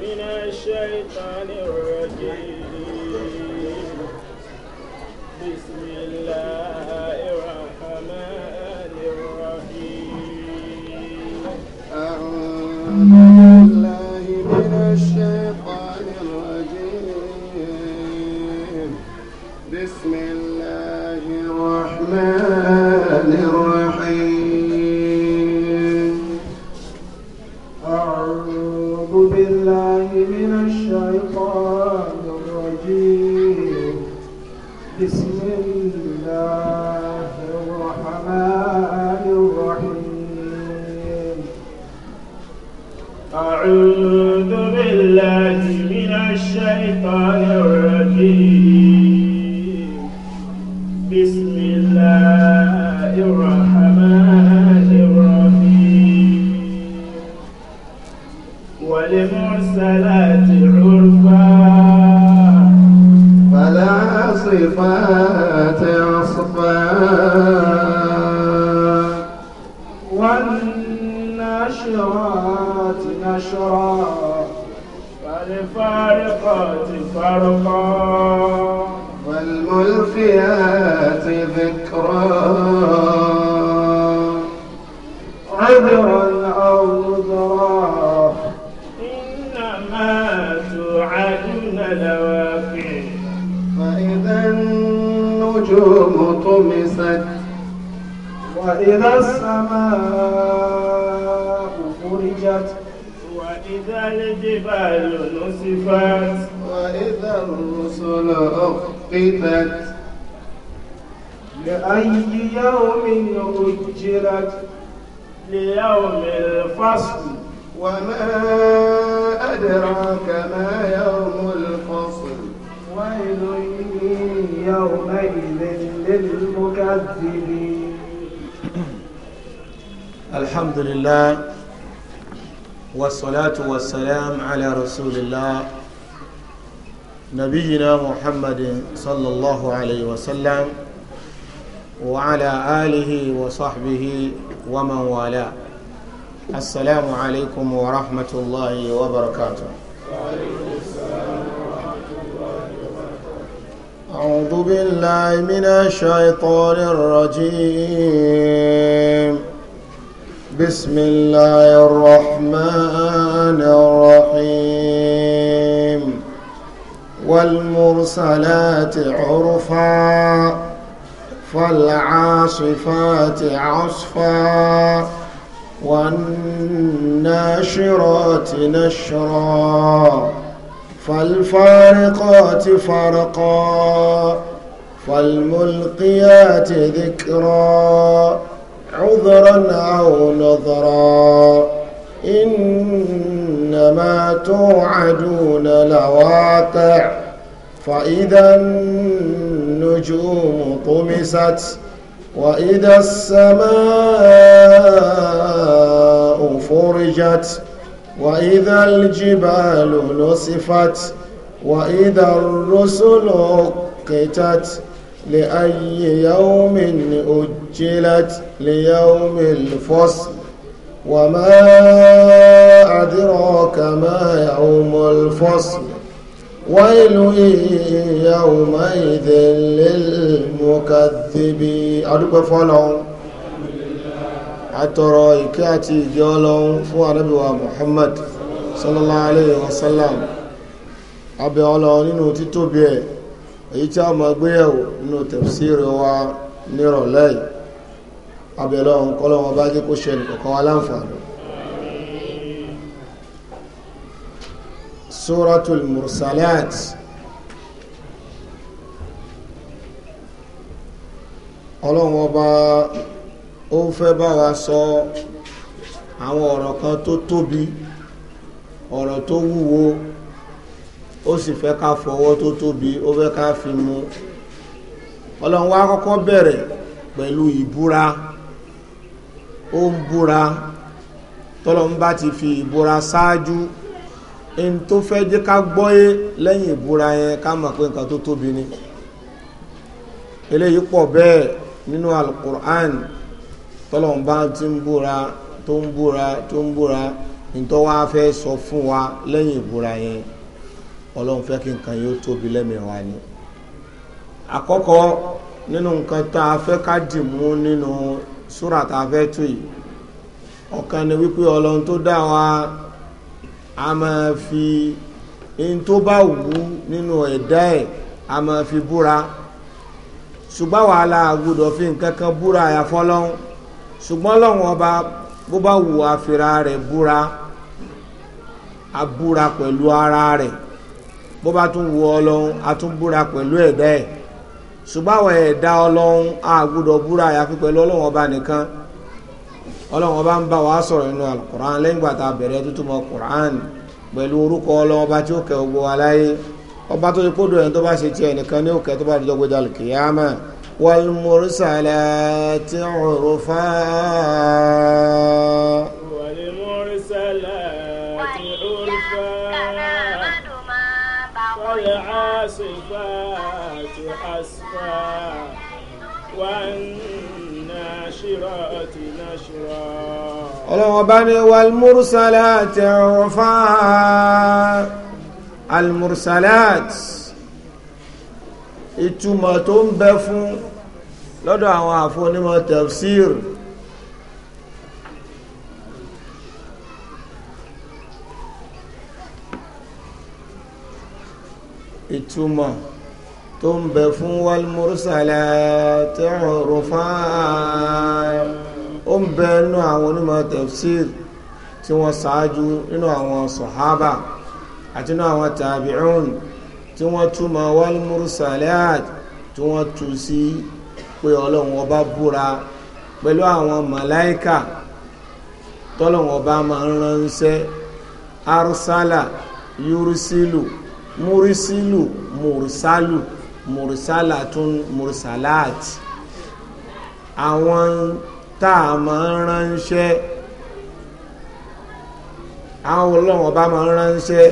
من الشيطان الرجيم بسم الله الرحمن الرسل أخففت لأي يوم أجلت ليوم الفصل وما أدراك ما يوم الفصل ويل يومئذ للمكذبين الحمد لله والصلاة والسلام على رسول الله نبينا محمد صلى الله عليه وسلم وعلى آله وصحبه ومن والاه السلام عليكم ورحمة الله وبركاته أعوذ بالله من الشيطان الرجيم بسم الله الرحمن الرحيم والمرسلات عرفا فالعاصفات عصفا والناشرات نشرا فالفارقات فرقا فالملقيات ذكرا عذرا أو نظرا إنما توعدون لواقع فإذا النجوم طمست وإذا السماء فرجت وإذا الجبال نصفت وإذا الرسل أقتت لأي يوم أجلت ليوم الفصل وما أدراك ما يوم الفصل ويل يومئذ للمكذبين أدوك فالهم àtọ̀rọ̀ ìkẹ́ àti ìgẹ́ ọlọ́run fún ànábìwà Muhammad sallallahu alayhi wa sallam abẹ́ ọlọ́run nínú títóbi ẹ̀ èyí tí a máa gbéyẹ̀wò nínú tafsiri wa nírọ̀lẹ́yìí abẹ́lẹ́ ọ̀hún kọ́lọ́ wọn bá jẹ́ kó ṣe ẹnìkọ̀kan wá láǹfààní suratul mursalat ọlọ́run ọba ó fẹ́ bá wa sọ àwọn ọ̀rọ̀ kan tó tóbi ọ̀rọ̀ tó wúwo ó sì fẹ́ ká fọwọ́ tó tóbi ó fẹ́ ká fi mú ọlọ́run wa bẹ̀rẹ̀ pẹ̀lú ìbúra ó ń búra tọ́lọ́mbá ti fi ìbúra ṣáájú n tó fẹ́ jẹ́ ká gbọ́yé lẹ́yìn ìbúra yẹn ká mọ̀ pé nǹkan tó tóbi ni eléyìí pọ̀ bẹ́ẹ̀ nínú alukur'an tọ́lọ́mbá ti ń búra tó ń búra tó ń búra nítorí wá fẹ́ sọ fún wa lẹ́yìn ìbúra yẹn ọlọ́run fẹ́ kí nǹkan yóò tóbi lẹ́mìí wa ni àkọ́kọ́ nínú nǹkan tá a fẹ́ ká dì mú nínú súrà tá a fẹ́ tú yìí ọ̀kan ni wípé ọlọ́run tó dá wa a máa fi in tó bá wù ú nínú ẹ̀dá ẹ̀ a máa fi búra ṣùgbọ́n wàhálà àgùdọ̀ fi nǹkan kan búra àyàfọ́lọ́hún ṣùgbọ́n ọlọ́run ọba bó bá wù àfìrà rẹ̀ búra abúra pẹ̀lú ara rẹ̀ bó bá tún wù ọlọ́run a tún búra pẹ̀lú ẹ̀dá ẹ̀ ṣùgbọ́n àwọn ẹ̀dá ọlọ́run àgùdọ̀ búra àyàfi pẹ̀lú ọlọ́run ọba nìkan ọlọ́run ọba ń bá wa sọ̀rọ̀ nínú alukur'an lẹ́yìn ìgbà tá a bẹ̀rẹ̀ tuntun mọ kur'an pẹ̀lú orúkọ ọlọ́run ọba tí ó kẹ́ wa láyé nìkan ní òkè tó bá ọlọ́run ọba ní walmursalati urfa almursalat ìtumọ̀ tó ń bẹ fún lọ́dọ̀ àwọn àfọ́nímọ̀ tafsir ìtumọ̀ tó ń bẹ fún walmursalat urfa ó ń bẹ nínú àwọn onímọ̀ tafsir tí wọ́n ṣáájú nínú àwọn sọ̀hábà àti nínú àwọn tàbíùn tí wọ́n túmọ̀ walmursalat tí wọ́n tú sí pé ọlọ́run ọba búra pẹ̀lú àwọn màláìkà tọ́lọ́run ọba máa ń ránṣẹ́ arsala yurusilu murisilu mursalu. Mur mursalatun mursalat àwọn tá a máa ń ránṣẹ́ àwọn ọlọ́run ọba máa ń ránṣẹ́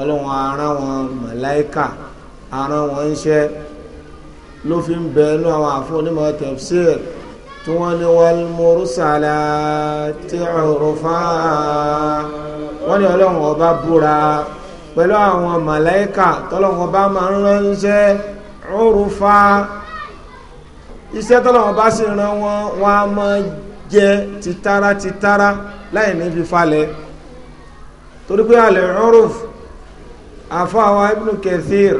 ọlọ́run ara wọn màláíkà ara wọn ń ṣẹ́ ló fi ń bẹ inú àwọn àfọ onímọ̀ tafsir tí wọ́n ní wal mursalati urfa wọ́n ní ọlọ́run ọba búra pẹ̀lú àwọn màláíkà tọ́lọ́run ọba máa ń ránṣẹ́ urfa iṣẹ́ tọ́lọ́wọ́n bá sì ran wọn wọn a máa jẹ titara titara láì ní fífalẹ̀ torí pé alẹ́ urf àfáàwá ibn kathir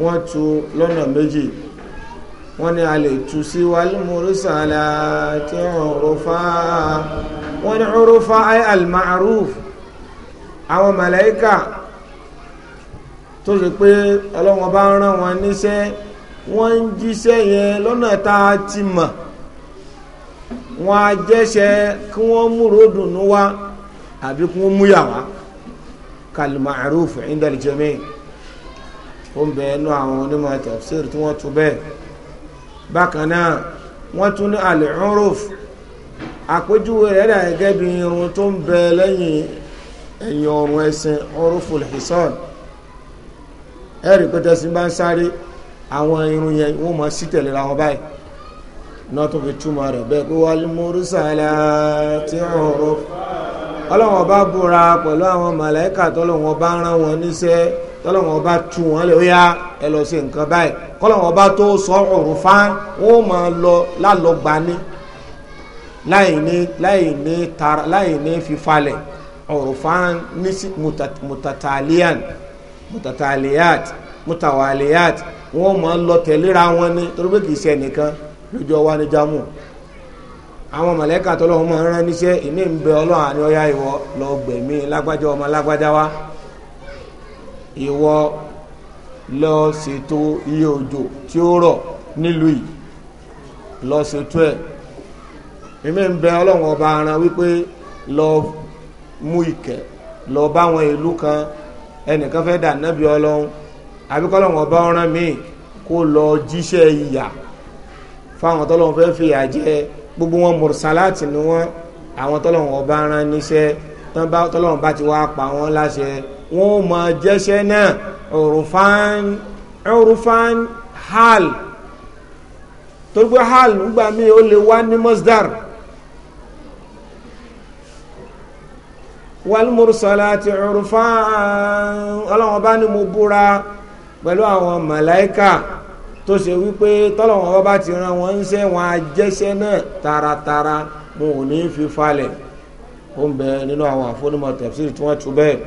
wọ́n tú lọ́nà méjì wọ́n ní a lè sí wàlúmọ̀rúsàlá tí urfa wọ́n ní urfa ay al àwọn màláíkà tó ṣe pé ọlọ́wọ́n bá ń rán wọn níṣẹ́ wọ́n ń jíṣẹ́ yẹn lọ́nà tá a ti mọ̀ wọ́n á jẹ́ṣẹ́ kí wọ́n múrò dùnú wá àbí kí wọ́n múyà wá kalma'ruf inda al-jami' ó ń bẹ ẹnu àwọn onímọ̀ tafsir tí wọ́n tún bẹ́ẹ̀ bákan náà wọ́n tún ní al-uruf àpéjúwe rẹ̀ dà bí irun tó ń bẹ lẹ́yìn ẹ̀yìn ọ̀rùn ẹ̀sìn uruful hisan ẹ̀rí pé bá ń sáré àwọn irun yẹn wọ́n mọ̀ sí tẹ̀lé ra báyìí náà fi túmọ̀ rẹ̀ bẹ́ẹ̀ pé wal mursalati urfa ọlọ́wọ́n bá búra pẹ̀lú àwọn tọ́lọ́wọ́n bá rán wọn níṣẹ́ tọ́lọ́wọ́n bá tú wọn lè ẹ lọ sí nǹkan mutataliyat mutawaliyat wọn máa ń lọ tẹ̀léra wọn ní torí pé kì í ṣe ẹnìkan lójú ọwọ́ ní jámù àwọn mọ̀lẹ́kà tó lọ́wọ́ máa ń rán níṣẹ́ ìmí ń bẹ ọlọ́run àní ọ̀yá ìwọ lọ gbẹ̀mí lágbájá ọmọ lágbájá wa ìwọ lọ ṣètò iye òjò tí ó rọ nílùú yìí lọ ṣètò ẹ̀ èmi ń bẹ ọlọ́run ọba aran wípé lọ mú ìkẹ́ lọ bá àwọn ìlú kan ẹnìkan fẹ́ dà nábì ọlọ́run àbí kọ́lọ́run ọba ọ̀ràn míì kó lọ jíṣẹ́ ìyà fáwọn tọ́lọ́run fẹ́ fi ìyà jẹ gbogbo wọn mùrùsálàtì ni wọn àwọn tọ́lọ́run ọba rán níṣẹ́ tọ́lọ́run bá ti wá pa wọ́n láṣẹ wọn ò mọ jẹ́ṣẹ́ náà urfan urfan hal torí pé hal nígbà míì ó lè wá ní masdar walmursalati urfa ọlọ́wọ́n bá ní mo búra pẹ̀lú àwọn màláìkà tó ṣe wípé tọ́lọ́wọ́n bá ti ran wọn ń ṣe wọn ajẹ́ṣẹ́ náà taratara mo ò ní fi falẹ̀ ó ń bẹ nínú àwọn àfọ́nímọ̀ tafsir tí wọ́n tu bẹ́ẹ̀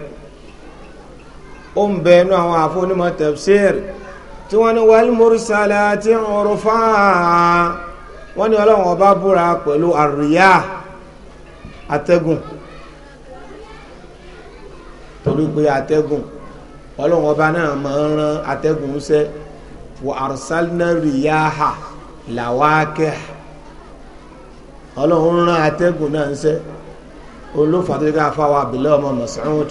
ó ń bẹ nínú àwọn àfọ́nímọ̀ tafsir tí wọ́n ní walmursalati urfa wọ́n ní ọlọ́wọ́n bá búra pẹ̀lú àríyá atẹ́gùn torí pé atẹ́gùn ọlọ́run ọba náà máa ń rán atẹ́gùn sẹ́ wọ arsalna riyaha làwákẹ́ ọlọ́run rán atẹ́gùn náà ń sẹ́ olófà tó ká fáwọn abilé ọmọ Mas'ud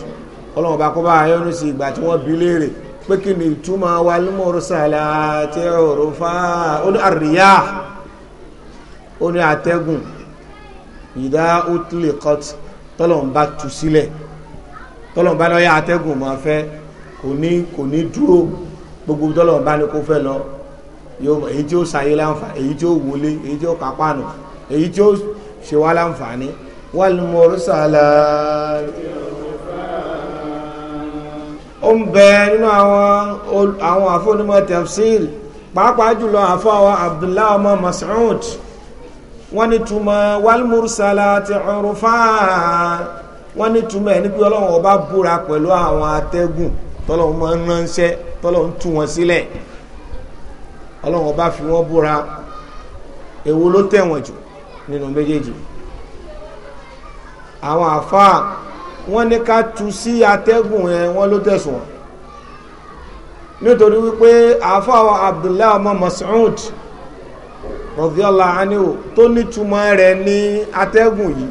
ọlọ́run ọba kọ́ bá ayọ́nu sí ìgbà tí wọ́n bi léèrè pé kí ni ìtumọ̀ wal mursalati urfa ó ní ar-riyah ó ní atẹ́gùn ìdá utliqat tọ́lọ̀ ń bá tu sílẹ̀. Si tọ́lọ́mùbá lọ́yà atẹ́gùn máa fẹ́ kò ní kò ní dúró gbogbo tọ́lọ́mùbá ni kò fẹ́ lọ èyí tí ó ṣayé láǹfààní èyí tí ó wọlé èyí tí ó kápánù èyí tí ó ṣe wá láǹfààní wal mursalat ó ń bẹ nínú àwọn àwọn àfọ́nímọ̀ tafsir pàápàá jùlọ àfọwọ́ abdullahi ọmọ mas'ud wọ́n ní túmọ̀ wal mursalati urfa wọ́n ní túmọ̀ ẹ̀ ní pé ọlọ́run ọba búra pẹ̀lú àwọn atẹ́gùn tọ́lọ́run máa ń ránṣẹ́ tọ́lọ́run tú wọn sílẹ̀ ọlọ́run ọba fi wọ́n búra èwo ló tẹ̀wọ̀n jù nínú méjèèjì àwọn àfáà wọ́n ní ká tú sí atẹ́gùn yẹn wọ́n ló tẹ̀sùn wọn nítorí wípé àfáà Abdullahi ọmọ Mas'ud radiyallahu anhu tó nítumọ̀ rẹ̀ ní atẹ́gùn yìí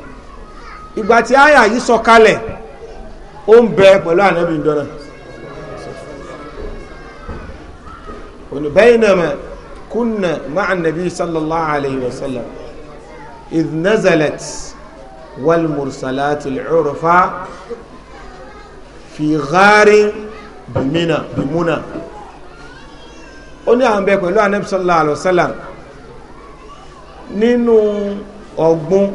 ìgbà tí àyà yìí sọ̀kalẹ̀ ó ń bẹ pẹ̀lú ànábì ìdọ́nà oníbẹ̀yìnàmà kúnnà máa nàbí sallallahu alayhi wa sallam idh nazalat wal mursalatul urfa fi gharin bimina bimuna ó ní àwọn bẹ pẹ̀lú ànábì sallallahu alayhi wa sallam nínú ọ̀gbun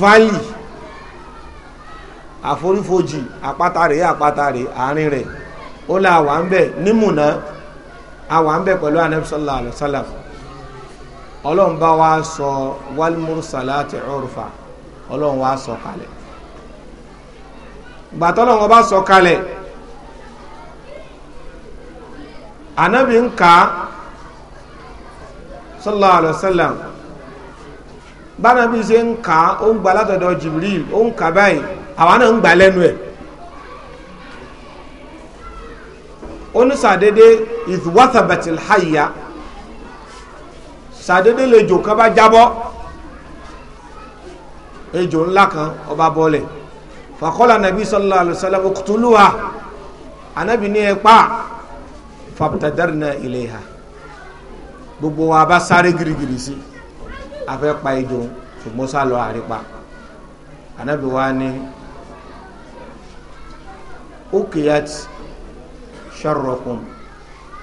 valley àforífojì àpáta rèé àpáta rèé àárín rẹ̀ ó là wà ń bẹ̀ nímùnà àwà ń bẹ̀ pẹ̀lú anabi sallallahu wa sallam ọlọ́run bá wa sọ walmursalati urfa ọlọ́run wa sọ kalẹ̀ gbàtọ́lọ́run sọ kalẹ̀ anabi nka sallallahu alayhi wa sallam ṣe ó ń gba látọ̀dọ̀ jibril ó ń àwa náà ń gbà lẹ́nu ẹ̀ onísàdédé ìwátàbẹ̀tìl háyà sàdédé lejò kan bá jábọ́ ejò ńlá kan ọba bọ́lẹ̀ fàkọ́lá nàbí sallallahu alaihi wasallam uqtuluha anábì ní ẹ pa fàbùtàdárìnà ilayha gbogbo wa bá sáré girigiri sí afẹ́ pa ejò ṣùgbọ́n sálọ àrípa anábì wa ní ukiyat sharrokum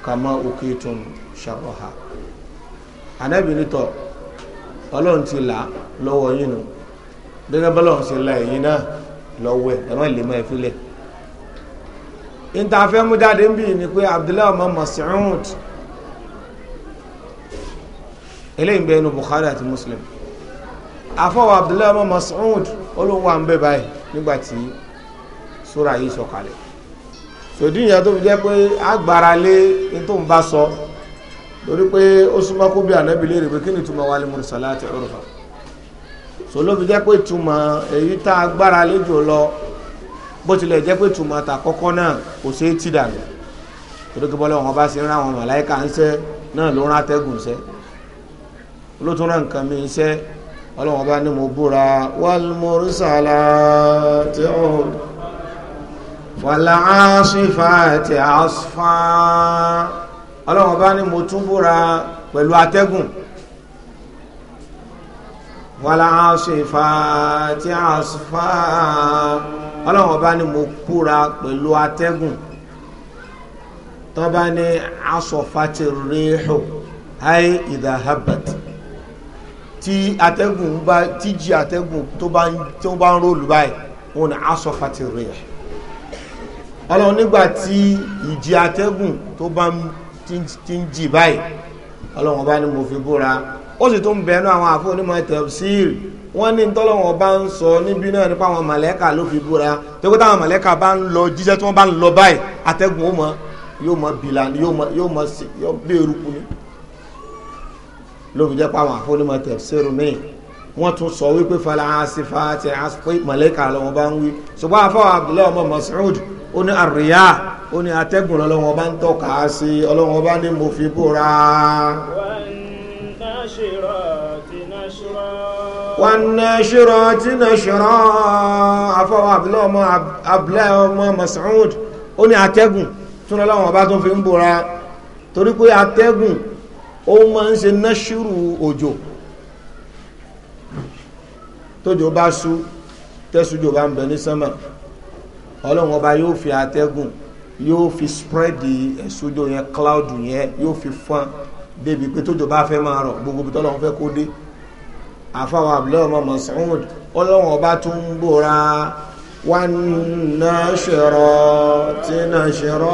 kama ukitun sharroha anabi nítọ Ọlọ́run ti là lọ́wọ́ yín nu gẹ́gẹ́ bọ́lọ́run ṣe la ẹ̀yin náà lọ́wọ́ ẹ ẹ má lè má ẹ fílẹ ìtafẹ́ mú jáde ń bì ní pé bukhari àti muslim afọwọ́ abdullahi ọmọ mas'ud olóhùn wa ń bẹ báyìí nígbà tí súra yìí sọ̀kalẹ̀ sòdí ìyẹn tó fi jẹ́ pé agbára lé ní tó ń bá sọ torí pé ó súnmọ́ kó bí ànábì léèrè pé kí ni so ló fi jẹ́ pé túmọ̀ èyí tá agbára lé jù lọ bó tilẹ̀ jẹ́ pé túmọ̀ tà kọ́kọ́ náà kò tì dànù torí kí bọ́lá wọn bá ṣe àwọn màláìka náà ló ló tún wàlàásífàtì àsfà ọlọ́run bá ní mo tún búra pẹ̀lú atẹ́gùn wàlàásífàtì àsfà ọlọ́run bá ní mo búra pẹ̀lú atẹ́gùn tó bá ní asọ̀fàtì rèéhù ayé ìdáhàbàtì tí atẹ́gùn bá tíjì atẹ́gùn tó bá ń rólù báyìí wọn ni asọ̀fàtì rèéhù ọlọ́run nígbà tí ìjì atẹ́gùn tó bá ti ń jì báyìí ọlọ́run ọba ni mo fi búra ó sì tún bẹ̀ẹ́nu àwọn àfọ onímọ̀ tafsir wọ́n ní tọ́lọ́wọ́n bá ń sọ níbí náà nípa àwọn mọ̀lẹ́kà ló fi búra tó kó táwọn mọ̀lẹ́kà bá ń lọ jíṣẹ́ tí wọ́n bá ń lọ báyìí atẹ́gùn ó mọ yóò mọ bìlà yóò mọ sí yóò bẹ́ eruku ni ló fi jẹ́ pé àwọn àfọ onímọ̀ tafsir mi wọ́n tún sọ wípé fala asifati aspe mọ̀lẹ́kà lọ́wọ́ bá ń wí ṣùgbọ́n àfọ Abdullahi ọmọ Mas'ud ó ní àríyá ó ní atẹ́gùn ọlọ́wọ́n bá ń tọ́ka sí ọlọ́wọ́n bá ní mo fi búra. wannashirati nashra afọwọ́ abúlé ọmọ abúlé ọmọ Mas'ud ó ní atẹ́gùn tún ọlọ́wọ́n bá tún fi ń búra torí pé atẹ́gùn ó máa ń ṣe náṣírù òjò tójò bá sú tẹ́sùjò bá ń bẹ ní sánmà ọlọ́run ọba yóò fi atẹ́gùn yóò fi spread ẹ̀sùn òjò yẹn cloud yẹn yóò fi fọn débi pé tójò bá fẹ́ máa rọ̀ gbogbo bí tọ́lọ́run fẹ́ kó dé àfàwọn àbúlé ọmọ mọ̀sánwó ọlọ́run ọba tún ń bòra wọn náà ṣẹ̀rọ tí náà ṣẹ̀rọ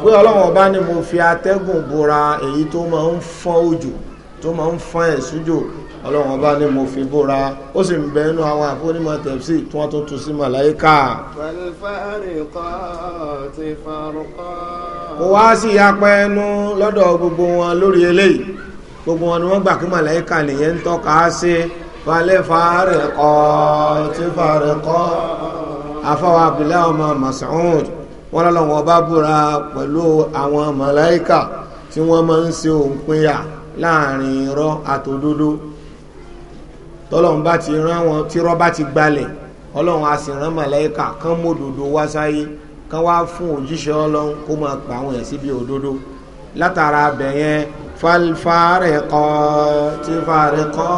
pé ọlọ́run ọba ni mo fi atẹ́gùn bòra èyí tó máa ń fọ́n òjò tó máa ń fọ́n ẹ̀sùn òjò ọlọ́run ọba ni mo fi búra ó sì ń bẹ inú àwọn àfọ́nímọ̀ tẹ̀sí tí wọ́n tún tu sí màláíkà. kò wá sí apẹ ẹnu lọ́dọ̀ gbogbo wọn lórí eléyìí gbogbo wọn ni wọ́n gbà kí màláíkà nìyẹn ń tọ́ka sí falẹ̀ fàárẹ̀ kọ́ tí fàárẹ̀ kọ́ afáwọn abdullahi ọmọ Mas'ud wọn lọ́lọ́wọ́n ọba búra pẹ̀lú àwọn màláíkà tí wọ́n máa ń ṣe òǹpinya láàrin irọ́ àtòdodo tọ́lọ́run bá ti rán wọn tí rọ́bà ti gbalẹ̀ ọlọ́run a sì rán màláíkà kán mòdòdó wá sáyé kán wá fún òjíṣẹ́ ọlọ́run kó máa pa àwọn yẹn síbi òdodo látara bẹ̀yẹn falfarẹ́kọ́ tí farẹ́kọ́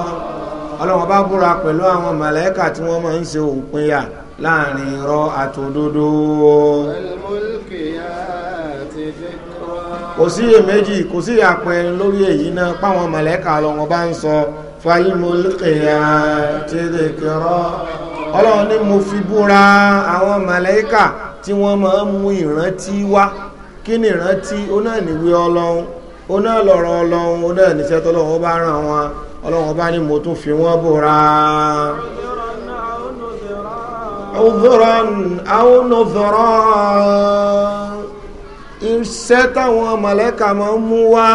ọlọ́run bá búra pẹ̀lú àwọn màláíkà tí wọ́n máa ń ṣe òpinya láàrin irọ́ àtòdodo. kò sí iyèméjì kò sí ìyàpẹ̀ lórí èyí náà páwọn màláíkà lọ́wọ́ bá ń sọ. So fàlmùlùkìyà ti dìkìrọ́ ọlọ́run ní mo fi búra àwọn màláíkà tí wọ́n máa ń mú ìrántí wá kí ni ìrántí oná ìníwé ọlọ́run oná lọ̀rọ̀ ọlọ́run oná ìníṣẹ́ tọ́lọ́run bá ràn wọn ọlọ́run bá ní mo tún fi wọ́n búra ọ̀dọ́rán àwọn táwọn màláíkà máa ń mú wá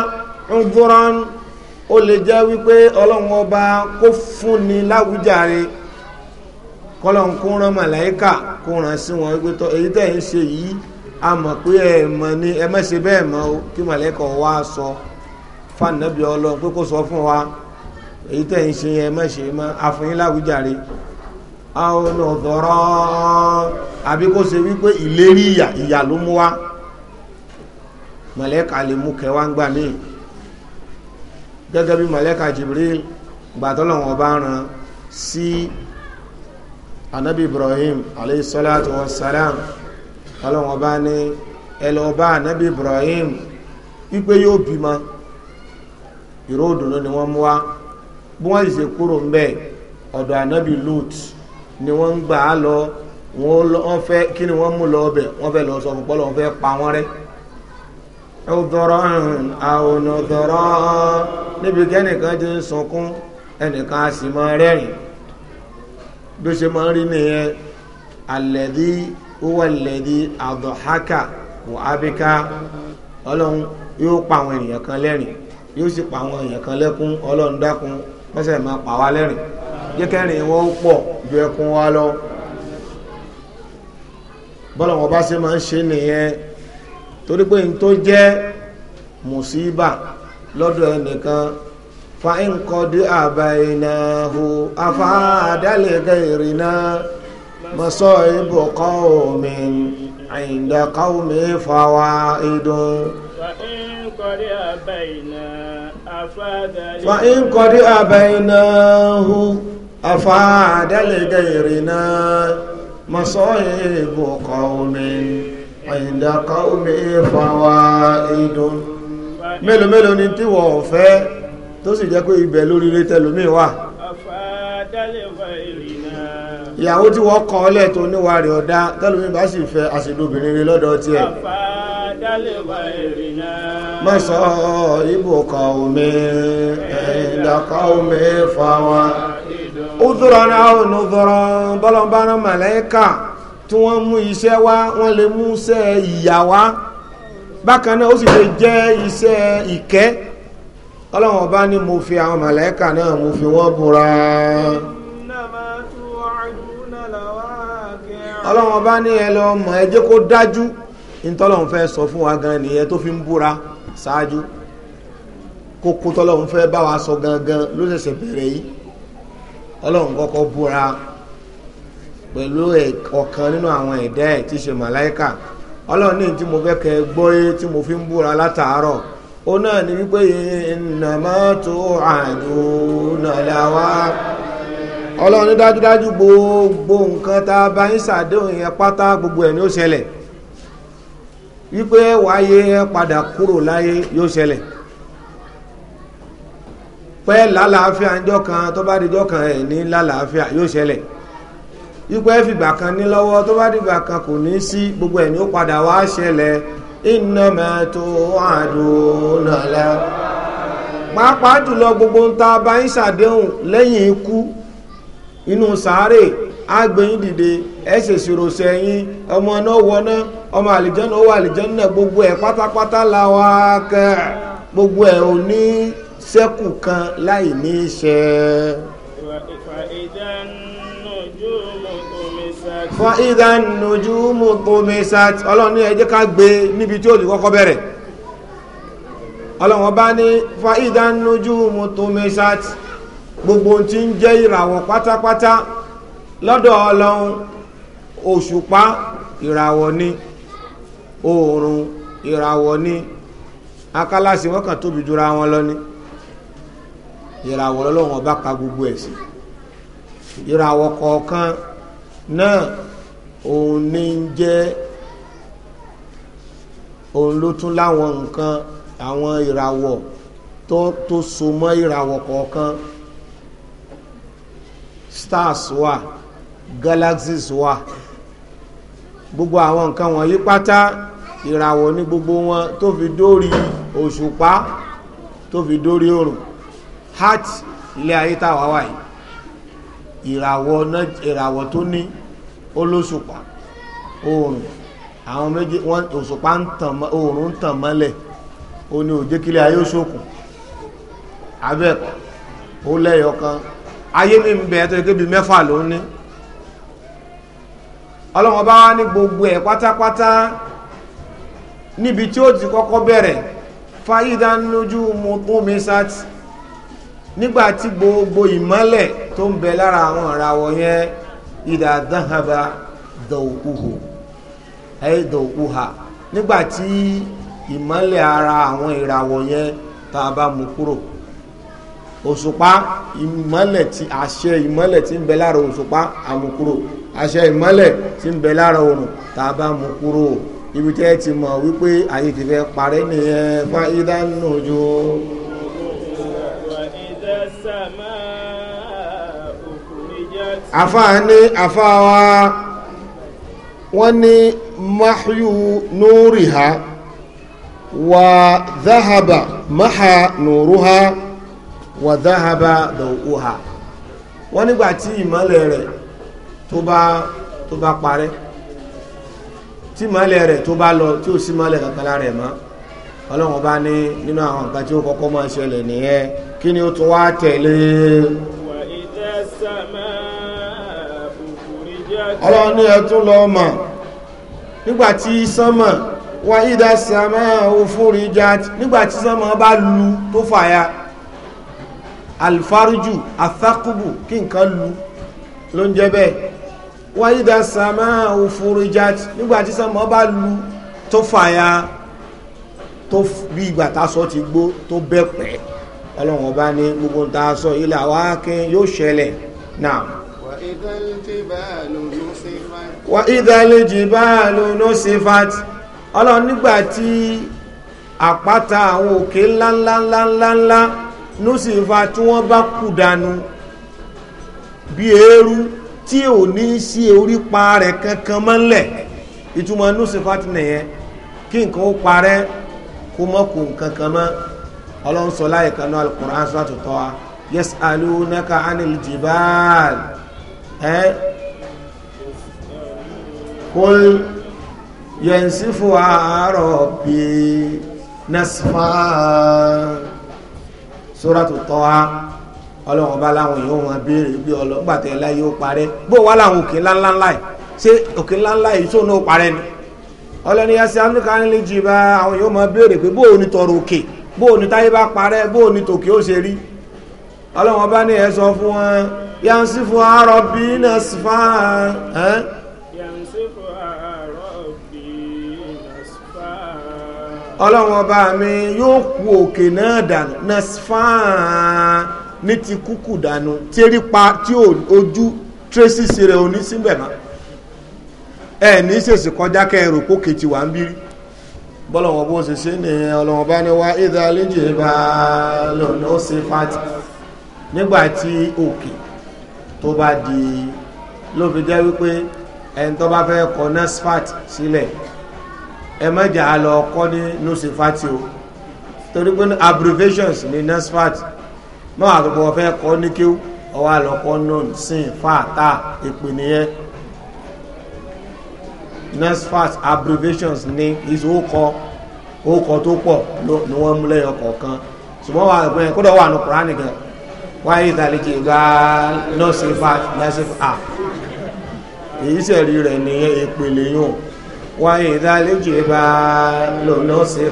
ọ̀dọ́rán ó lè jẹ́ wípé ọlọ́run ọba kó fúnni láwùjáre kọ́lọ́run kó rán màláíkà kó wọn wípé tọ́ èyí tẹ̀ ń a mọ̀ pé ẹ ni ẹ má ṣe bẹ́ẹ̀ mọ́ o sọ fànàbí ọlọ́run pé kó sọ fún wa èyí tẹ̀ ń ṣe yẹn má ṣe mọ́ àfihàn láwùjáre àwọn ọ̀dọ́rọ́ àbí kó ṣe wípé ìlérí ìyà ló mú wa màláíkà lè mú gẹ́gẹ́ bí mọ̀lẹ́ka Jibril gbàtọ́lọ̀wọ̀n bá ran sí anabi Ibrahim alayhi salatu wassalam bá ní ẹlọ́ọ̀bá anabi Ibrahim wípé yóò bímọ ìró òdùnú ni wọ́n mú wá bí wọ́n anabi Lut ni wọ́n ń gbà á lọ wọ́n ọdọrọrùn àwọn ọdọrọ níbi kẹ́nìkan ti ń sunkún ẹnìkan a sì máa rẹ́rìn bí ó ṣe máa ń rí nìyẹn alẹ́dí wọ́n lẹ́dí àdọ̀hákà wọ́n abíká ọlọ́run yóò pa àwọn ènìyàn kan lẹ́rìn yóò sì pa àwọn èèyàn kan lẹ́kún ọlọ́run dákun mọ́sẹ̀ máa pa wá lẹ́rìn jẹ́ kẹ́rìn wọn pọ̀ ju ẹkún wa lọ bọ́lá wọn bá ṣe máa ń ṣe nìyẹn torí pé n tó jẹ́ mùsíbà lọ́dọ̀ ẹnìkan fa nkọ́dí àbáyínáhù afáàdálẹ̀gẹ́ ìrìnà mọ́sọ́ ìbùkọ́ omi àyíndàkọ́ omi fàwa ìdún fa nkọ́dí àbáyínáhù afáàdálẹ̀gẹ́ ìrìnà mọ́sọ́ ìbùkọ́ omi. عند قومي فوائد mélòó mélòó ni tí wọ́n fẹ́ tó sì jẹ́ pé ibẹ̀ lórí ilé tẹlómi wà ìyàwó tí wọ́n kọ́ ọlẹ́ tó níwà rẹ̀ ọ̀dá bá sì fẹ́ àṣìdóbìnrin rẹ̀ lọ́dọ̀ ẹ̀ sọ omi fa wa ó dúró náà ó tí wọ́n mú iṣẹ́ wá wọ́n lè mú iṣẹ́ ìyà wá bákan náà ó sì lè jẹ́ iṣẹ́ ìkẹ́ ọlọ́run ọba ní mo fi àwọn màlẹ́kà náà mo fi wọ́n búra ọlọ́run ọba ní ẹ lọ mọ̀ ẹ jẹ́ kó dájú nítọ́lọ́run fẹ́ sọ fún wa gan nìyẹn tó fi ń búra ṣáájú kókó tọ́lọ́run fẹ́ bá wa sọ gangan ló ṣẹ̀ṣẹ̀ bẹ̀rẹ̀ yìí ọlọ́run kọ́kọ́ búra pẹ̀lú ọ̀kan nínú àwọn ẹ̀dá ẹ̀ tí ṣe màláìkà ọlọ́run ní tí mo fẹ́ kẹ́ gbọ́ yé tí mo fi ń búra látàárọ̀ ó náà ní wípé ìnàmọ́ tó àdùn àdáwà ọlọ́run ní dájúdájú gbogbo nǹkan tá a bá ń ṣàdéhùn yẹn pátá gbogbo ẹ̀ ni ó ṣẹlẹ̀ wípé wáyé padà kúrò láyé yóò ṣẹlẹ̀ pẹ́ lálàáfíà ńjọ́ kan tó bá di jọ́ kan ẹ̀ ní lálàáfíà yóò ṣẹlẹ̀ ipò ẹ fìgbà kan ní lọ́wọ́ tó bá dìgbà kan kò ní sí gbogbo ẹ̀ ní ó padà wá ṣẹlẹ̀ innama tu'aduna la pàápàá jùlọ gbogbo ń ta bá ń ṣàdéhùn lẹ́yìn ikú inú sàárè agbẹ̀yìn dìde ẹ̀ṣẹ̀ ṣòròṣẹ̀ yín ọmọ náà wọná ọmọ àlìjọ́nà ó wà àlìjọ́nà gbogbo ẹ̀ pátápátá la làwọn akẹ́ gbogbo ẹ̀ ò ní sẹ́kù kan láì ní í ṣe fa ìdá nojú mu tumisat ọlọ́run ní ẹ jẹ́ ká gbé níbi tí ó ti kọ́kọ́ bẹ̀rẹ̀ ọlọ́run bá ní fa ìdá nojú mu tumisat gbogbo tí ń jẹ́ ìràwọ̀ pátápátá lọ́dọ̀ ọlọ́run òṣùpá ìràwọ̀ ni oòrùn ìràwọ̀ ni akálàsì wọ́n kàn tóbi jura wọn lọ ni ìràwọ̀ lọ́lọ́run ọba ka gbogbo ẹ̀ sí ìràwọ̀ kọ̀ọ̀kan náà òun ní ń jẹ́ òun ló tún láwọn nǹkan àwọn ìràwọ̀ tó tó so mọ́ ìràwọ̀ kọ̀ọ̀kan stars wà galaxies wà gbogbo àwọn nǹkan wọ̀nyí pátá ìràwọ̀ ní gbogbo wọn tó fi dórí òṣùpá tó fi dórí òrùn heart ilé ayé táwa wà yìí ìràwọ̀ ìràwọ̀ tó ní olóṣùpá oòrùn àwọn méjì wọn òṣùpá ń tàn oòrùn ń tàn mọ́lẹ̀ ó ní òjékílẹ̀ ayé òṣòkùn abẹ́ẹ̀kọ́ ó lẹ́yọ̀ kan ayé mi ń bẹ ẹ́ tó yẹ kébi mẹ́fà ló ní ọlọ́wọ́n bá ní ti kọ́kọ́ bẹ̀rẹ̀ mi nígbà tí gbogbo ìmọ́lẹ̀ tó ń bẹ lára àwọn ìràwọ̀ yẹn ìdá dáhàbà dọ̀wùhù ẹ̀yẹ́ dọ̀wùhà nígbà tí ìmọ́lẹ̀ ara àwọn ìràwọ̀ yẹn tá a bá mú kúrò òṣùpá ìmọ́lẹ̀ tí àṣẹ ìmọ́lẹ̀ tí ń bẹ lára òṣùpá àmúkúrò àṣẹ ìmọ́lẹ̀ tí ń bẹ lára oòrùn tá a bá mú kúrò ibi tẹ́ ti mọ̀ wípé ayé ti fẹ́ parẹ́ nìyẹn fún ìdánù ojú àfáà ní àfáà wa wọ́n ní mahyu nuriha wa dhahaba maha nuruha wa dhahaba dawuha wọ́n nígbà tí ìmọ́lẹ̀ rẹ̀ tó bá tó bá parẹ́ tí ìmọ́lẹ̀ rẹ̀ tó bá lọ tí ò sí ìmọ́lẹ̀ kankan lára ẹ̀ mọ́ ọlọ́run ọba ní nínú àwọn nǹkan tí ó kọ́kọ́ máa ṣẹlẹ̀ nìyẹn kí ni ó tún wá tẹ̀lé ọlọ́run ní ẹ̀tún lọ mọ̀ nígbàtí sánmà wà ìdá sánmà òfúrìjá nígbàtí sánmà bá lu tó fàya alfariju athakubu kí nǹkan lu ló ń jẹ́ bẹ́ẹ̀ wà ìdá sánmà òfúrìjá nígbàtí sánmà bá lu tó fàya tó bí ìgbà tá ti gbó tó bẹ́ẹ̀ pẹ́ẹ́ ọlọ́run ọba ní gbogbo ń ta sọ ilẹ̀ àwa kí yóò ṣẹlẹ̀ náà. wà ìdálẹ́ jìbáàlù nọ́sífàt ọlọ́run nígbà tí àpáta àwọn òkè ńláńláńláńlá nọ́sífàt tí wọ́n bá kú dànù bí eérú tí ò ní sí orí pa rẹ̀ kankan mọ́lẹ̀ ìtumọ̀ nọ́sífàt nìyẹn kí nǹkan ó parẹ́ kó mọ́ kó nǹkan kan mọ́ ọlọ́run sọ láyé kanú alukur'an sọ́tò tọ́ wa yas'alunaka anil jibal ẹ kul yansifu rabbi nasfa sọ́tò tọ́ wa ọlọ́run ọba láwọn èèyàn wọn béèrè bí ọlọ́gbà tẹ̀ láyé ó parẹ́ bó wà láwọn òkè ńláńláńlá yìí ṣé òkè ńláńlá yìí tó náà parẹ́ ni ọlọ́ni yas'alunaka anil jibal àwọn èèyàn wọn béèrè pé bó o ní tọrọ òkè. Okay bóò ni táyé bá parẹ́ bóò ni tòkè ó ṣe rí ọlọ́wọ́n bá ní ẹ sọ fún wọn yansi fún arọ bí náà sífà hàn. yansi fún arọ bí náà sífà. ọlọ́wọ́n bá mi yóò ku òkè náà dànù náà sífà ní ti kúkú dànù tírí pa tí ojú tracy sire onísìnbẹ̀mọ́ ẹ ní sèṣì kọjá kẹrù kókè tí wà ń bírí bọ́lọ̀wọ̀n bó ṣe ṣe ní ọlọ́wọ̀n bá ní ìdá léjì bá lọ́nà ó ṣe fàtì nígbàtí òkè tó bá di ló fi jẹ́ wípé ẹni tó bá fẹ́ kọ nasfat sílẹ̀ ẹ mẹ́jà lọ kọ́ ní nusifati o torí pé abbreviations ní nasfat mọ́ àgbẹ̀bọ̀ fẹ́ kọ́ ní kíw ọwọ́ àlọ́kọ́ nọ́ọ̀n sìn fáàtà Nasfas abbreviations ní is ókọ ókọ tó pọ̀ ni wọ́n mú lẹ́yìn ọkọ̀ọ̀kan ṣùgbọ́n wà ẹ̀gbọ́n kódà wà ní Kùránì gan wáyé ìdàlejò ìgbà NASFAT NASFA èyí sẹ̀rí rẹ̀ ní ìpele yóò wáyé ìdálẹ́jì bá lọ́nà ṣe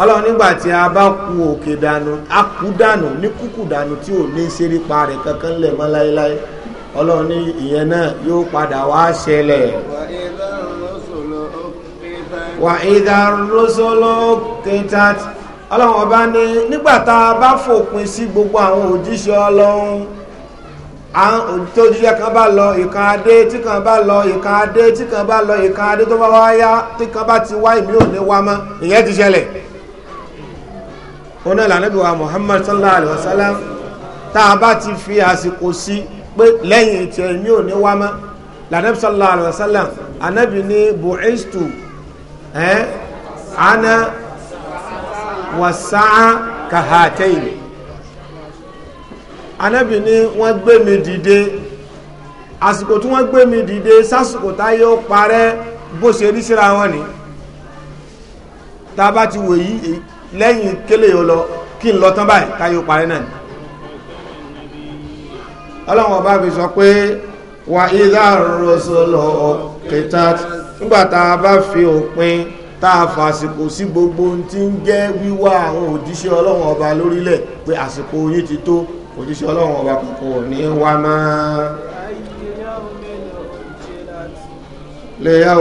ọlọ́run nígbà tí a bá ku òkè dànù a kú dànù ní kúkú dànù tí ò ní sérípa rẹ̀ kankan lẹ̀ mọ́ láéláé ọlọ́run ní ìyẹn náà yóò padà wá ṣẹlẹ̀ wà ìdá rọ́sọ́lọ́ kẹtàt ọlọ́run ọba ní nígbà tá a bá fòpin sí gbogbo àwọn òjíṣẹ́ ọlọ́run àwọn tó jíṣẹ́ kan bá lọ ìkan adé tí kan bá lọ ìkan adé tí kan bá lọ ìkan adé tó bá wá yá tí kan bá ti wá ìmí ò wá mọ́ ìyẹn ti ṣẹlẹ̀ oní ìlànàbí wa Muhammad sallallahu alaihi wasallam tá a bá ti fi àsìkò sí pé lẹ́yìn ìtẹ̀ ìmí ò wá mọ́ lànàbí sallallahu alaihi wasallam ànábì ní bu'istu ẹ́ eh? ana wàsáà kàhàtẹ́yìn anábì ní wọ́n gbé mi dìde àsìkò tí wọ́n gbé mi dìde sásìkò táyé ó parẹ́ bó ṣe rí síra wọn ni tá bá ti wò yí lẹ́yìn kélé yóò lọ kí n lọ tán báyìí táyé ó parẹ́ náà ni ọlọ́run ọba fi sọ pé wà ìdá rọ̀ṣọ̀lọ̀ kẹtàtì nígbà tá a bá fi òpin tá a fàsìkò sí gbogbo ohun tí ń jẹ́ wíwá àwọn òjíṣẹ́ ọlọ́run ọba lórílẹ̀ pé àsìkò yín ti tó òjíṣẹ́ ọlọ́run ọba kankan ní wá máa lè yá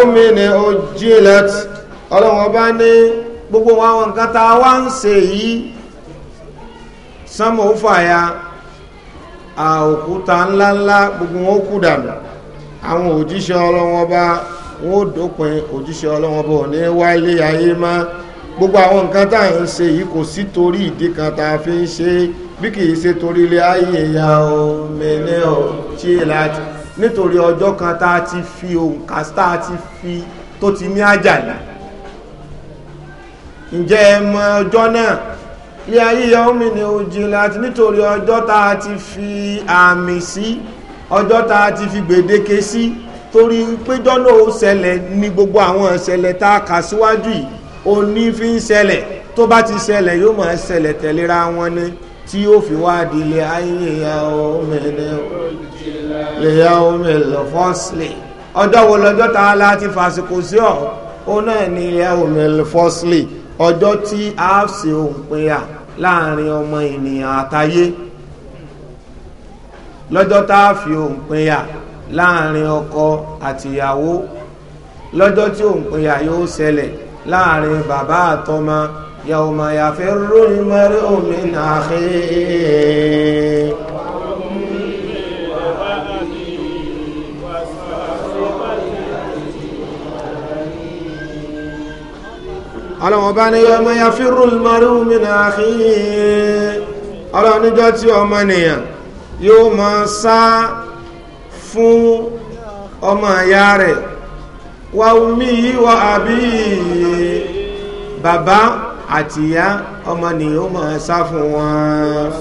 omi ni ó jí láti ọlọ́run ọba ní gbogbo àwọn nǹkan wá ń ṣe yìí sánmọ̀ ó àòkúta ńláńlá gbogbo wọn kú dànù àwọn òjíṣẹ́ ọlọ́wọ́n bá wọn ò dópin òjíṣẹ́ ọlọ́wọ́n bá ní wá ilé ayé má gbogbo àwọn nǹkan tá à ń ṣe yìí kò sí torí ìdí kan tá a fi ń ṣe bí kì í ṣe torí ilé ayé ìyá o mẹ́lẹ́ o ṣe láti nítorí ọjọ́ kan tá a ti fi òǹkà tá a ti fi tó ti ní àjàlá ǹjẹ́ ẹ mọ ọjọ́ náà lé ayé yọmí ni ó jinlẹ̀ àti nítorí ọjọ́ tá a ti fi àmì sí ọjọ́ tá a ti fi gbèdéke sí torí péjọ́ náà ó ṣẹlẹ̀ ní gbogbo àwọn ìṣẹ̀lẹ̀ tá a kà síwájú yìí òní fi ń ṣẹlẹ̀ tó bá ti ṣẹlẹ̀ yóò máa ṣẹlẹ̀ tẹ̀léra wọn ni tí ó fi wá di lé ayé yọmí ni ó lè yọmí lọ fọ́sílì ọjọ́ wo lọ́jọ́ tá a láti fàṣìkò sí ọ̀ ó náà ní yọmí lọ fọ́sílì ọjọ́ tí a ṣe òǹpinya láàrin ọmọ ènìyàn àtayé lọ́jọ́ tá a fi òǹpinya láàrin ọkọ àtìyàwó lọ́jọ́ tí òǹpinya yóò ṣẹlẹ̀ láàrin bàbá àtọmọ yawma yafirru al-mar'u min akhihi. ọlọ́wọ́n bá ní yawma yafirrul mar'u min akhihi ọlọ́wọ́n níjọ́ tí ọmọ nìyàn yóò máa sá fún ọmọ ìyá rẹ̀ wa ummihi wa abihi bàbá àtìyá ọmọ nìyàn ó máa sá fún wọn.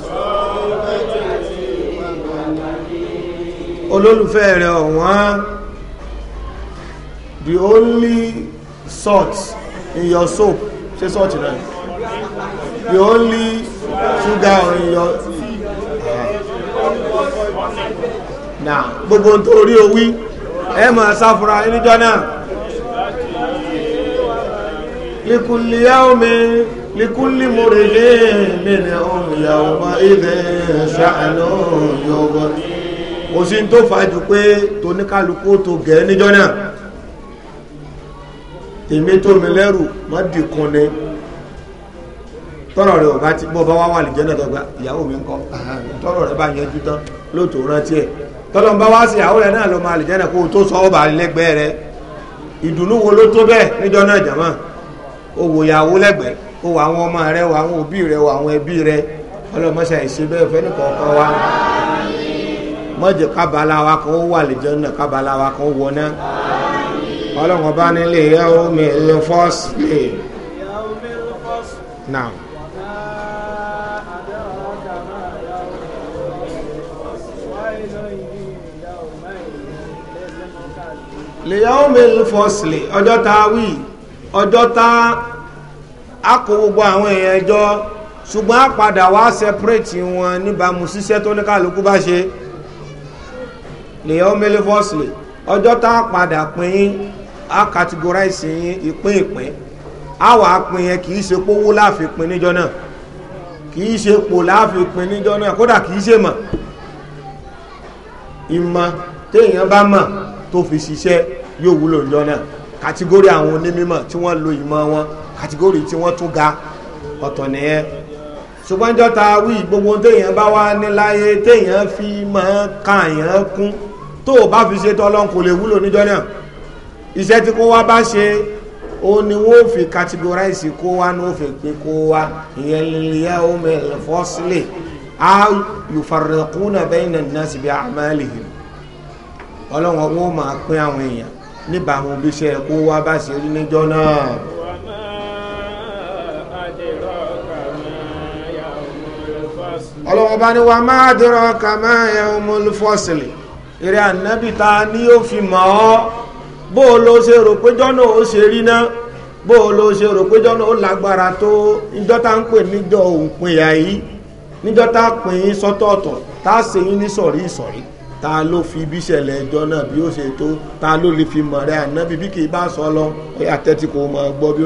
olólùfẹ́ rẹ̀ ọ̀wọ́n the only sort in your soap ṣé sọ́ọ̀tì náà you only sugar in your ah. na gbogbo tó owí ẹ mọ̀ sáfúra níjọ́ náà likuli yaomi likuli morele mene omi yaoma ibe ṣa'anu yọgbọ kò sí tó fàájú pé toníkàlùkù tó gẹ̀ẹ́ níjọ́ náà èmi tó mi lẹ́rù má dìkun ni tọ́rọ̀ rẹ̀ ò bá bọ́ bá wá wà lìjẹ́ náà tọ́gbà ìyàwó mi ń kọ́ tọ́rọ̀ rẹ̀ bá yanjú tán lóòótọ́ rántí ẹ̀ tọ́lọ́ bá wá sí ìyàwó rẹ̀ náà ló máa lìjẹ́ náà kó o tó sọ ọ́ bá lẹ́gbẹ̀ẹ́ rẹ̀ ìdùnnú wo ló tó bẹ́ẹ̀ níjọ́ náà jàmọ́ o wò ìyàwó lẹ́gbẹ̀ẹ́ o wò àwọn ọmọ rẹ wò àwọn òbí rẹ wò àwọn ẹbí rẹ ọlọ́mọṣà ọlọ́run ọba nílé yaomi lefosle now. lèyàwómi lefosle ọjọ́ tá a wí ọjọ́ tá a kó gbogbo àwọn èèyàn jọ ṣùgbọ́n a padà wá separate wọn níbàámu ṣiṣẹ́ tó ní kálukú bá ṣe lèyàwómi lefosle ọjọ́ tá padà pín A categorize yín ìpín ìpín á wà á pin yẹn kì í ṣe pówó láàfin pin níjọ́ náà kì í ṣe pò láàfin pin níjọ́ náà kódà kì í ṣe mọ̀ ìmọ̀ téèyàn bá mọ̀ tó fi ṣiṣẹ́ yóò wúlò níjọ́ náà kàtígórì àwọn onímọ̀ tí wọ́n lo ìmọ̀ wọn kàtígórì tí wọ́n tún ga ọ̀tọ̀ nìyẹn ṣùgbọ́n jọta wí gbogbo téèyàn bá wá ní téèyàn fi mọ̀ káàyàn kún tó o bá fi ṣe tọ́lọ́n kò lè wúlò níjọ́ náà iṣẹ́ tí kó wá bá ṣe ó ní wọ́n fi categorize kó wá ní ó fi pín kó wá ìyẹn lìyẹ omi ìfọ́sílẹ̀ á yufarriquna bayna an-nas bi a'malihim ọlọ́wọ́n wọ́n máa pín àwọn èèyàn níbàámu bí iṣẹ́ kó wá bá ṣe rí níjọ́ náà. ọlọ́wọ́n bá ní wa ma adraka ma yawmul eré ànábìta ni yóò fi mọ̀ ọ́. bó o lo ṣe rò péjọ́ náà ó ṣe rí náà bó o lo ṣe rò péjọ́ náà ó lágbára tó níjọ́ tá ń pè níjọ́ òǹpinya yìí níjọ́ tá pè yín sọ́tọ̀ọ̀tọ̀ ní sọ̀rí ta ló fi ibi ṣẹlẹ̀ ẹjọ́ náà bí ó ṣe ta ló fi mọ̀ rẹ̀ bí kì í bá sọ lọ kò mọ̀ gbọ́ bí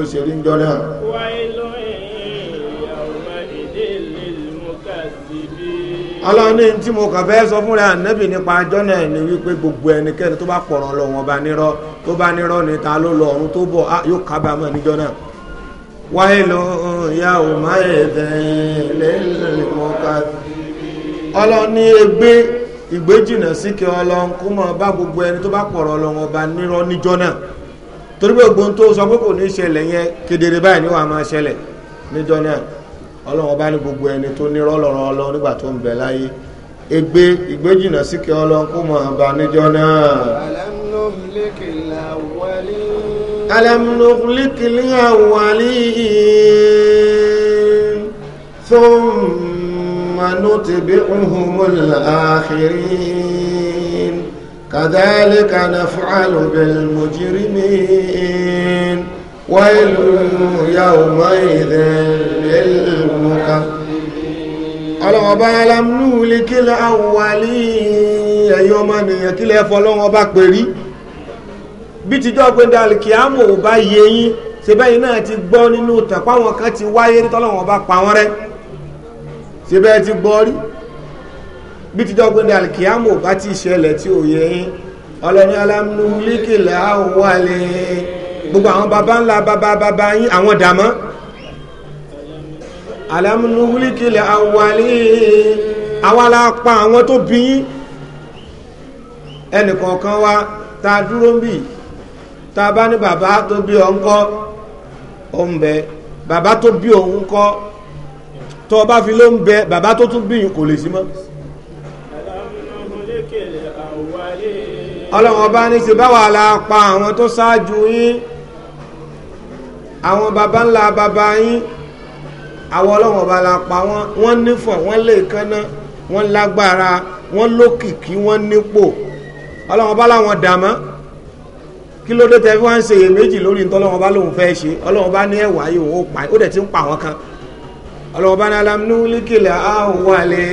ọlọ́run ní tí mo kàn fẹ́ sọ fúnra ànábì nípa ajọ́ náà ni wípé gbogbo ẹnikẹ́ni tó bá pọ̀rọ̀ lọ wọn bá nírọ́ tó bá nírọ́ ni ta ló lọ ọ̀run tó bọ̀ yóò kábàámọ̀ níjọ́ náà. wáyé ló ń òmá ẹ̀dẹ̀ lẹ́lẹ́lẹ́ mọ́ ká. ọlọ́run egbé ìgbéjìnà sí kí kó mọ̀ bá gbogbo ẹni tó bá pọ̀rọ̀ lọ wọn bá nírọ́ níjọ́ náà torí gbogbo ohun tó sọ pé kò ní ṣẹlẹ̀ ọlọ́run bá ní gbogbo ẹni tó ní rọ́lọ́rọ́ ọlọ́run nígbà tó ń bẹ láyé ègbé ìgbéjìnà síkẹ ọlọ́run kó mọ̀ bá níjọ́ náà. alam nukhlikil awwalin thumma nutbi'uhumul akhirin kadhalika naf'alu bil mujrimin wailu yawma idhin ọlọ́run ọba alámúlù ilé kílẹ̀ àwàlí ẹ̀yọ́ ọmọ nìyàn kílẹ̀ ẹ̀fọ́ ọlọ́run ọba pèrí bí tijọ́ gbẹ́dà kìámù ò bá yé yín sebẹ́yìn náà ti gbọ́ nínú tàpá wọn kan ti wáyé tọ́lọ́run pa wọ́n rẹ́ sebẹ́ ti gbọ́ rí bí tijọ́ gbẹ́dà kìámù ò bá ti ṣẹlẹ̀ tí ò yé yín ọlọ́run alámúlù kílẹ̀ àwàlí gbogbo àwọn baba ńlá baba baba yín àwọn dàmọ́ alamunuhulikele awale àwa la pa àwọn tó bí yín ẹnìkọ̀ọ̀kan wa ta dúró ń bì ta bá ní bàbá tó bí ọ ń kọ́ ọ ń bẹ bàbá tó bí òun kọ́ tó bá fi ló ń bẹ bàbá tó tún bí yín kò lè sí mọ́ ọlọ́run ọba ní ṣe báwa la pa àwọn tó ṣáájú yín àwọn baba ńlá baba yín àwọn ọlọ́run ọba la pa wọ́n wọ́n nífọ̀ wọ́n lè kánná wọ́n lágbára wọ́n lókìkí wọ́n nípò ọlọ́run ọba làwọn dàmọ́ kí ló dé tẹ́fí wọ́n ń ṣe iyèméjì lórí ní tọ́lọ́run ọba lòun fẹ́ ṣe ọlọ́run ọba ní ẹ̀wà yìí òun ó pa ó dẹ̀ ti ń pa àwọn kan ọlọ́run ọba ní alámúnú líkìlẹ̀ àwọ̀lẹ̀.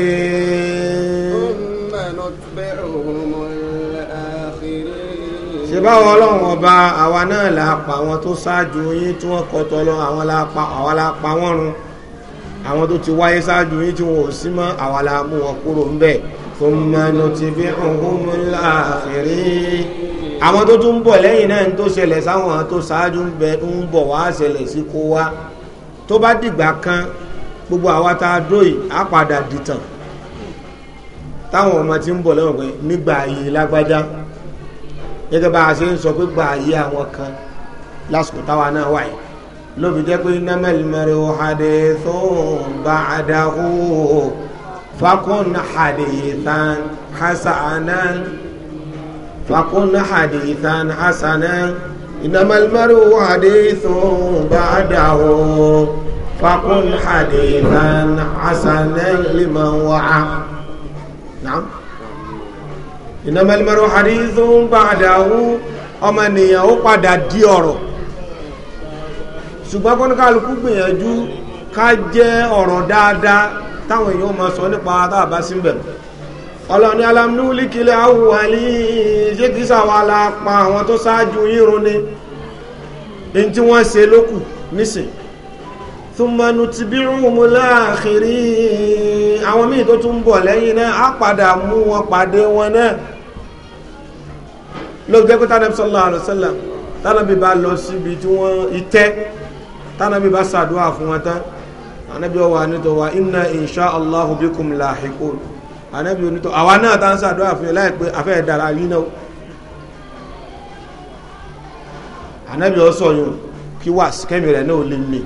ṣe báwọn ọlọ́run ọba àwa náà là pa àwọn tó ṣáájú yín tí wọ́n kọ́ tọ́lọ́ àwọn là pa wọ́n run àwọn tó ti wáyé ṣáájú yìí tí wọn ò sí mọ́ àwa la mú wọn kúrò ń bẹ̀ tó mẹ́nu ti fi ọ̀hún láàfẹ́rí. àwọn tó tún bọ̀ lẹ́yìn náà tó ṣẹlẹ̀ sáwọn tó ṣáájú ń bẹ ń bọ̀ wá ṣẹlẹ̀ sí kó wá tó bá dìgbà kan gbogbo àwa tá a dóyè á padà dìtàn táwọn ọmọ ti ń bọ̀ lẹ́wọ̀n pé nígbà ayé lágbájá gẹ́gẹ́ bá a ṣe ń sọ pé gbà ayé àwọn kan lásìkò táwa náà wáyé ló fi jẹ́ pé innamal mar'u hadithun ba'dahu fakun hadithan hasanan fakun hadithan hasanan innamal mar'u hadithun ba'dahu fakun hadithan hasanan liman wa'a naam innamal mar'u hadithun ba'dahu ọmọ ènìyàn ó padà di ọ̀rọ̀ ṣùgbọ́n kọ́nìkàlùkù gbìyànjú ká jẹ́ ọ̀rọ̀ dáadáa táwọn èèyàn máa sọ nípa àtàbá síbẹ̀ ọlọ́run ní alámúlìkìlẹ̀ àwòwálì ṣé kìí ṣàwàlà pa àwọn tó ṣáájú yín run ni ní tí wọ́n ṣe lókù nísìn túnmọ̀nù ti bí rúùmù láàkiri àwọn míì tó tún bọ̀ lẹ́yìn náà á padà mú wọn pàdé wọn náà ló jẹ́ pé tánàbí sallallahu alaihi tánàbí bá lọ síbi tí wọ́n itẹ́ tánàbí bá sàdúrà fún wọn tán anábí ọwọ́ anítọ̀ wa inna insha allahu bikum lahiqun anábí onítọ̀ àwa náà tá ń sàdúrà fún yẹn láìpẹ́ afẹ́ dára yín náà anábí ọ sọ yun kí wà kẹ́mi rẹ̀ náà lè mì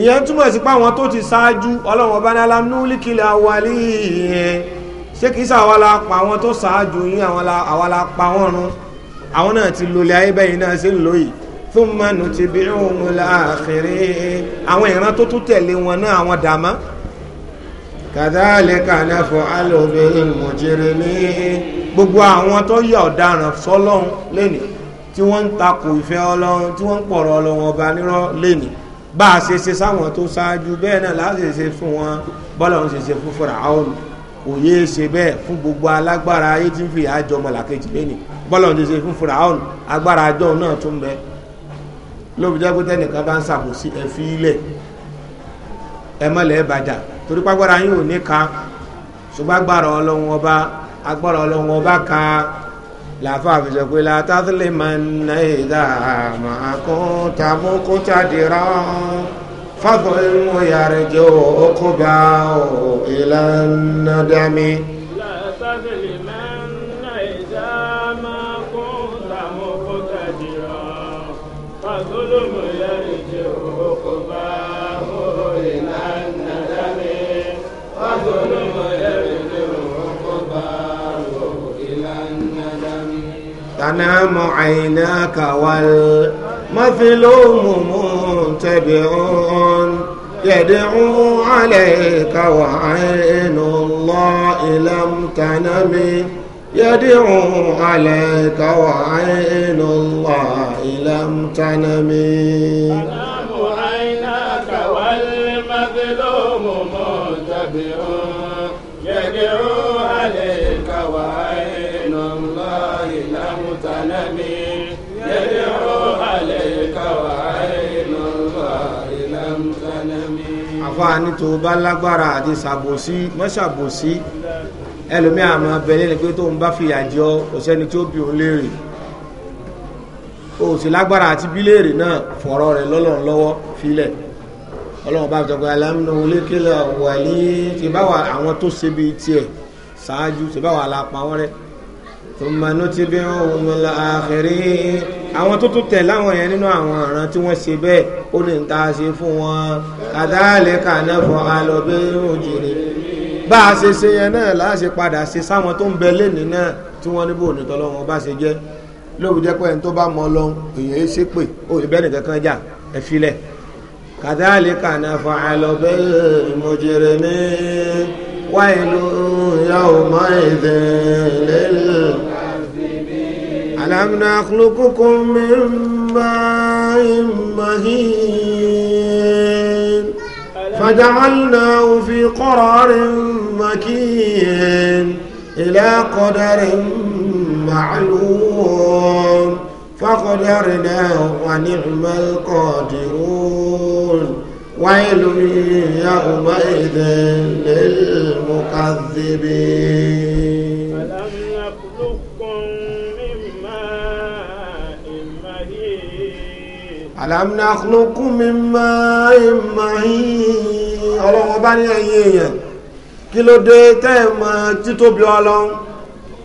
ìyẹn túmọ̀ sí pé àwọn tó ti ṣáájú ọlọ́run ọba ní alámúlíkìlẹ̀ awalí yẹn ṣé kìí sá àwa la pa àwọn tó ṣáájú yín àwa la pa wọ́n run àwọn náà ti lólẹ̀ ayé bẹ́yìn náà ṣe ń lò yìí thumma nutbi'uhumul akhirin àwọn ìran tó tún tẹ̀lé wọn náà àwọn dàmá kadhalika naf'alu bil mujrimin gbogbo àwọn tó yà ọ̀daràn sọ́lọ́hún lẹ́nìí tí wọ́n ń takò ìfẹ́ ọlọ́run tí wọ́n ń pọ̀rọ̀ ọlọ́run ọba nírọ́ lẹ́nìí bá a ṣe ṣe sáwọn tó ṣáájú bẹ́ẹ̀ náà láti ṣe fún wọn bọ́lá òun ṣe ṣe fún Fáráò kò yéé ṣe bẹ́ẹ̀ fún gbogbo alágbára ayé tí ń fi àjọ mọ̀làkejì lẹ́nìí bọ́lá òun ṣe ṣe fún Fáráò agbára àjọ náà tún bẹ́ẹ̀ lóbi jẹ́ pé tẹ́nìkan bá ń ṣàkóso ẹ fi ilẹ̀ ẹ mọ̀lẹ́ ẹ bàjá torí pàgbára yín ò ní ka ṣùgbọ́n agbára ọlọ́run ọba agbára ọlọ́run ọba ka làáfà fi sọ pé látàtúlẹ̀ máa ń ná ìdá máa kó tàbó kó jáde rán ìmú yàrá jẹ́ òkú bá ìlànà dàmí. látàtúlẹ̀ الأنام عيناك والمظلوم منتبع يدعو عليك وعين الله لم تنم يدعو عليك وعين الله لم تنم أنام عيناك والمظلوم منتبع àfáà ní tó bá lágbára àti ṣàbòsí mọ́ṣàbòsí ẹlòmí àmọ́ abẹ́lé ni pé tó ń bá fìyà jọ òṣẹ́ni tí ó bí òun léèrè òsì lágbára àti bí léèrè náà fọ̀rọ̀ rẹ̀ lọ́lọ́run lọ́wọ́ filẹ̀ ọlọ́run bá fi tọ́gbà alámúnà olékèlè wàlí ti báwa àwọn tó ṣe bíi tiẹ̀ ṣáájú ti báwa la pa wọ́n rẹ́ tó máa nú ti bí wọ́n wọ́n lọ́ àkèrè àwọn tó tún tẹ̀ láwọn yẹn nínú àwọn ọ̀ràn tí wọ́n ṣe bẹ́ẹ̀ ó ní ta ṣe fún wọn kàdáàlẹ́ kàná fọ alọ́bẹ́ òjìrì bá a ṣe ṣe yẹn náà láṣẹ padà ṣe sáwọn tó ń bẹ lẹ́nìí náà tí wọ́n níbo ònítọ́ lọ́wọ́ bá ṣe jẹ́ lóògùn jẹ́ pé ẹni tó bá mọ lọ́hùn èèyàn é ṣépè ó lè bẹ́ẹ̀ nìkan kan jà ẹ filẹ̀ kàdáàlẹ́ kàná fọ alọ́bẹ́ òjìrì ní wáyé lóyún yàwó máa ń dẹ̀ lẹ́lẹ́ ألم نخلقكم من ماء مهين فجعلناه في قرار مكين إلى قدر معلوم فقدرناه ونعم القادرون ويل يومئذ للمكذبين alam nakhluqukum min ma'in mahin ọlọ́wọ́n bá ní ẹ̀yìn èèyàn kí ló dé tẹ́ ẹ̀ mọ títóbi ọlọ́run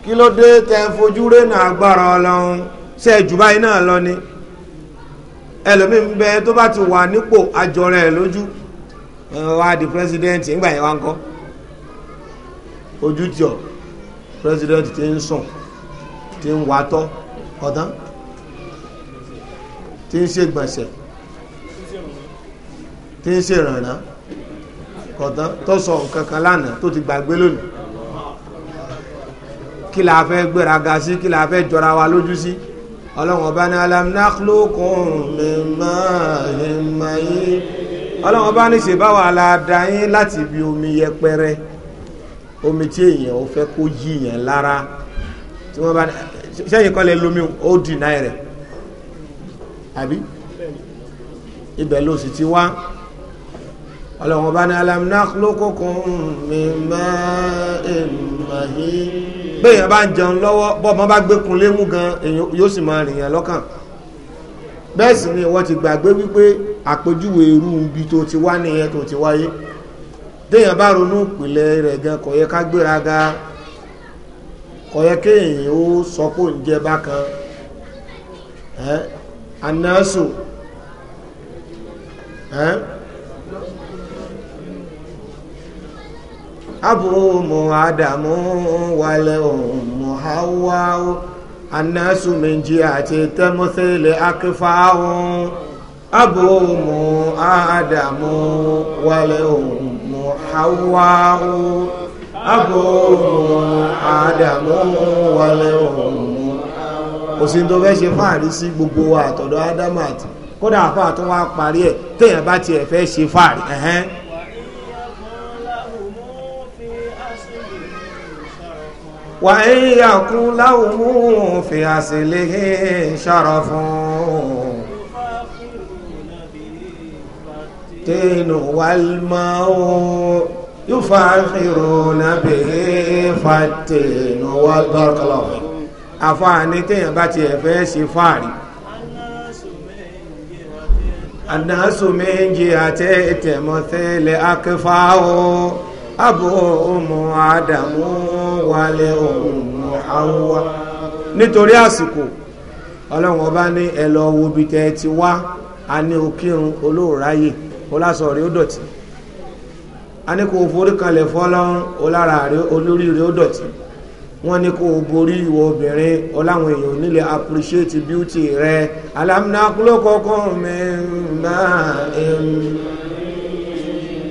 kí ló dé tẹ́ ẹ fojú rénà agbára ọlọ́run ṣe é jù báyìí náà lọ ni ẹlòmíì ń bẹ tó bá ti wà nípò àjọrẹ ẹ lójú wá di pírẹsidẹ́ǹtì ńgbà yẹn wá ń kọ́ ojú ti ń sùn ti ń wàtọ́ ọ̀dán tí ń ṣe gbọ̀nsẹ̀ tí ń ṣe rànà kọ̀tán tó sọ nǹkan kan lánàá tó ti gbàgbé lónìí kí la fẹ́ gbéraga sí kí la fẹ́ jọra wa lójú sí ọlọ́run ọba ní alam nakhluqukum min ma'in mahin ọlọ́run ọba ní ṣèbáwá la dá yín láti ibi omi yẹpẹrẹ omi tí èèyàn ò fẹ́ kó yí yẹn lára tí wọ́n bá sẹ́yìn kan lè ó dìnnà rẹ̀ àbí ibẹ̀ ló sì ti wá ọlọ́run bá ní alam nakhluqukum min ma'in mahin béèyàn bá ń jẹun lọ́wọ́ bọ́ọ̀mọ bá gbẹ́kun lémú gan yóò sì máa rìnyàn lọ́kàn bẹ́ẹ̀ sì ni ìwọ ti gbàgbé wípé àpèjúwe irú ibi tó ti wá nìyẹn tó ti wáyé téèyàn bá ronú ìpìlẹ̀ rẹ̀ gan kò yẹ ká gbéraga kò yẹ kéèyàn ó sọ pé òun jẹ bákan annasu abúrúmù adamu wàlẹ̀ ọmọ hawa annasu méjì àti tẹ́mọ́sílẹ̀ akífáwọ́ abúrúmù adamu wàlẹ̀ ọmọ hawa abúrúmù adamu kò sí tó fẹ́ ṣe fáàrí sí gbogbo wa àtọ̀dọ̀ ádámù àti kódà àfáà tó wá parí ẹ̀ téèyàn bá tiẹ̀ fẹ́ ṣe fáàrí ẹ̀hẹ́n. wà á yà kún láwùmú fi àṣìlè ṣàrọ̀ fún tẹnu wàlmáwò yóò fa àfihàn nàbẹ̀ fàtẹ̀nù wàlmáwò àfààní téèyàn bá tiẹ̀ fẹ́ ṣe fáàrí anasu méjì àti ìtẹ̀mọ́tẹ́lẹ̀ akẹfà o abo ọmọ Ádámù wálé ọmọ Háwà nítorí àsìkò ọlọ́run ọba ní ẹ lọ wo ibi tẹ́ ẹ ti wá a ní okírun olóòráyè olásọ rẹ ó dọ̀tí a ní kò forí kanlẹ̀ fọlọ́run olára rẹ olórí rẹ ó dọ̀tí wọ́n ní kó o borí ìwọ obìnrin ọláwọn èèyàn nílé appreciate beauty rẹ alámúnákúlókọ́kọ́ mi máa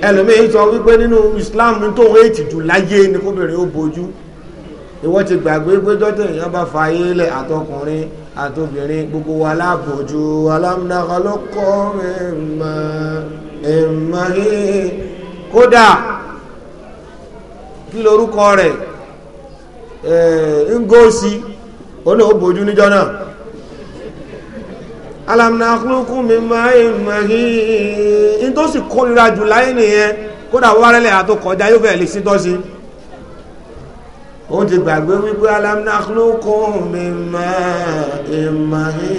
ẹlòmíín sọ wípé nínú Islam tó ń jù láyé ni kóbìnrin ó bojú ìwọ ti gbàgbé pé dọ́tẹ̀ èèyàn bá fa ayé lẹ̀ àtọkùnrin àtobìnrin gbogbo wa lábòjú alámúnákúlókọ́ mi máa ẹ̀mọ́ kódà kí lorúkọ rẹ̀ Eh, ngosi onye náà ó bójú níjọ́ náà alamnakulukun mi máa ń mọ̀hí ní tó sì kórira jù láyé nìyẹn kódà wárẹ́lẹ̀ àtọkọjá yóò fẹ́ lè sí tọ́sí ó ti gbagbe wípé alamnakulukun mi máa ń mọ̀hí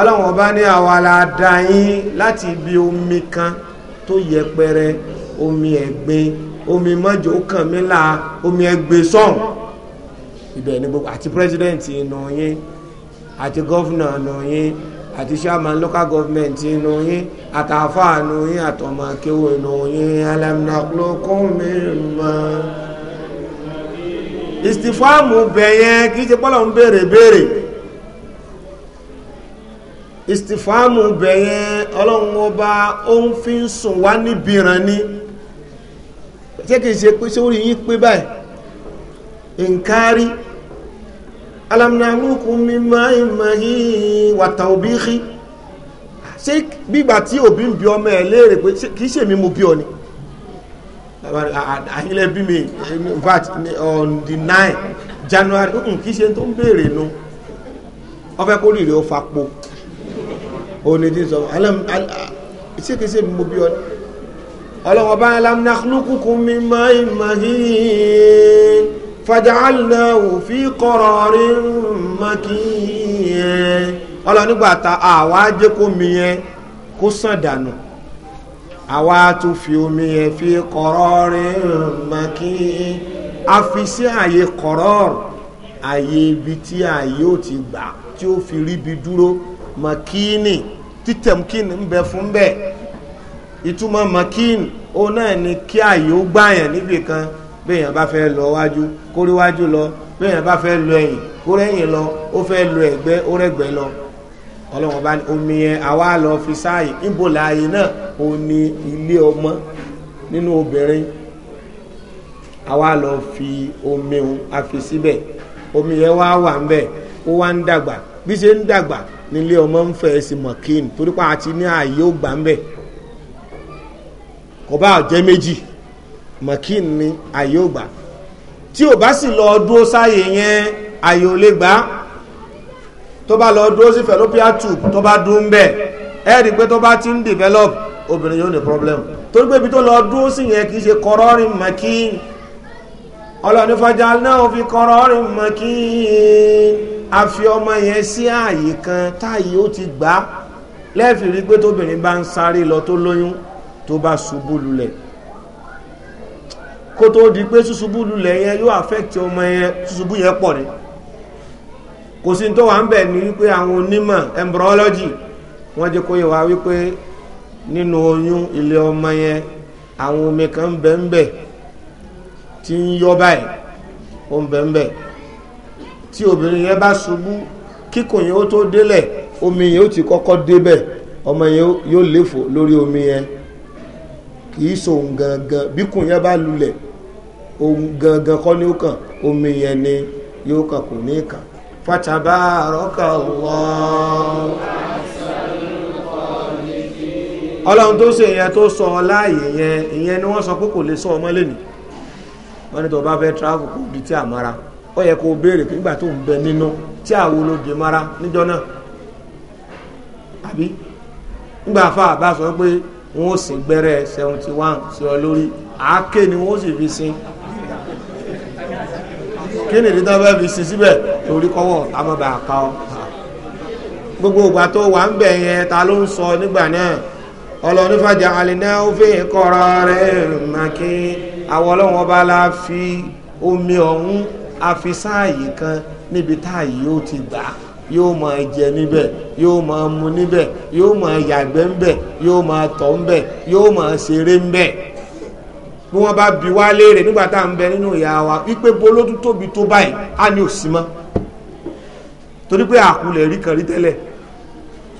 ọlọ́wọ́n bá ní àwa la dá yín lati ibi omi kan tó yẹpẹrẹ omi ẹ̀gbin omi mọ́jọ ó kàn mí la omi ẹ̀gbin sọ̀hún ibẹ̀ ni gbogbo àti president inú yín àti gọ́fúnà inú yín àti chairman local government inú yín àtàfà inú yín àtọmọ akéwò inú yín alamnaklokum mimma ìsìfọ́ọ̀mù bẹ̀yẹn kì í ṣe pọ́lọ̀ ń béèrè béèrè ìsìfọ́ọ̀mù bẹ̀yẹn ọlọ́run ọba ó ń fi sùn wá níbìran ní. Ni ṣé kìí ṣe pé sórí yín pé báyìí nkárí alamnamukun mímọ ìmọ̀hí wàtà òbí rí ṣé gbígbà tí òbí ń bi ọmọ ẹ̀ léèrè pé kìí ṣe mi mo bí ọ ni àhílẹ̀ bí mi vat on the nine January kìí ṣe tó ń béèrè nu ó fẹ́ kó rírì ó fapò òní ti sọ alam ṣé kìí ṣe mi mo bí ọ ni ọlọ́wọ́ bá lam nakhluqukum min ma'in mahin faja'alnahu fi qararin makin ọlọ́ nígbà tá àwa jẹ́ kó mi yẹn kó sàn dànù àwa tún fi omi yẹn fi qararin makin a fi sí àyè kọ̀rọ̀ọ̀rù àyè ibi tí àyè ò ti gbà tí ó fi ríbi dúró makíni títẹ̀mkíni ń bẹ fún bẹ́ẹ̀ ìtumọ̀ makin ó náà ni kí ààyè ó gbààyàn níbì kan béèyàn bá fẹ́ lọ wájú kórí wájú lọ béèyàn bá fẹ́ lọ ẹ̀yìn kórí ẹ̀yìn lọ ó fẹ́ lọ ẹ̀gbẹ́ ó rẹ̀gbẹ́ lọ ọlọ́wọ́n bá ní omi yẹn àwa lọ fi sáàyè níbo láàyè náà ó ní ilé ọmọ nínú obìnrin àwa lọ fi omi òun a fi síbẹ̀ omi yẹn wá wà ń bẹ̀ ó wá ń dàgbà bí ṣe ń dàgbà nílé ọmọ ń fẹ́ sí mọ̀kín torípa àti ní ààyè ó gbà ń bẹ̀ ọba àjẹ́ méjì mọ̀kín ni àyè ò gbà tí ò bá sì lọ dúró sáyè yẹn àyè ò lè gbà tó bá lọ dúró sí fẹlópíà tube tó bá dún bẹ́ẹ̀ ẹ rí i pé tó bá ti ń develop obìnrin yóò ní problem torí pé ibi tó lọ dúró sí yẹn kì í ṣe kọrọ́rìn mọ̀kín ọlọ́ni fọjá náà fi kọrọ́rìn mọ̀kín àfi ọmọ yẹn sí àyè kan táyé ó ti gbà lẹ́ẹ̀fì rí i pé tóbìnrin bá ń sáré lọ tó lóyún tó bá ṣubú lulẹ̀ kó tó di pé ṣuṣubú lulẹ̀ yẹn yóò affect ọmọ yẹn ṣuṣubú yẹn pọ̀ ni kò sí tó wà ń bẹ̀ ní wípé àwọn onímọ̀ embryology wọ́n jẹ́ kó yẹ wá wípé nínú oyún ilé ọmọ yẹn àwọn omi kan ń bẹ̀ ń bẹ̀ tí ń yọ báyìí ó ń bẹ̀ ń bẹ̀ tí obìnrin yẹn bá ṣubú kíkùn yẹn ó tó délẹ̀ omi yẹn ó ti kọ́kọ́ débẹ̀ ọmọ yẹn yóò léfò lórí omi yẹn kì í so òun gangan bí kùn yẹn bá lulẹ̀ òun gangan kọ́ ní ó kàn omi yẹn ni yóò kàn kò ní kàn fatabaraka Allah ọlọ́run tó tó sọ láàyè yẹn ni wọ́n sọ pé kò lè sọ ọmọ lẹ́nu wọ́n ní tó bá fẹ́ travel kò di tí a mara ó yẹ kó o béèrè bẹ nínú tí mara níjọ náà àbí nígbà wọn ò sì gbẹ́rẹ́ seventy one sí ọ lórí àáké ni wọn ò sì fi sin kí ni ìdí tó fẹ́ fi sin síbẹ̀ torí kọ́wọ́ amọ̀bà àká ọ gbogbo ìgbà tó wà ń bẹ̀ yẹn ta ló ń sọ nígbà náà ọlọ́nífàjà àlìná ó kọ́ra rẹ̀ màkì àwọn ọlọ́run ọba la fi omi ọ̀hún àfi sáàyè kan níbi táàyè ó ti gbà á. yóò máa jẹ níbẹ̀ yóò máa mu níbẹ̀ yóò máa yàgbẹ́ ńbẹ̀ yóò máa tọ̀ ńbẹ̀ yóò máa ṣeré ńbẹ̀ bí wọ́n bá bi wá léèrè nígbà tá à ń bẹ nínú ìyá wa wípé tóbi tó báyìí á ní òsì mọ́ torí pé àkulẹ̀ rí kan rí tẹ́lẹ̀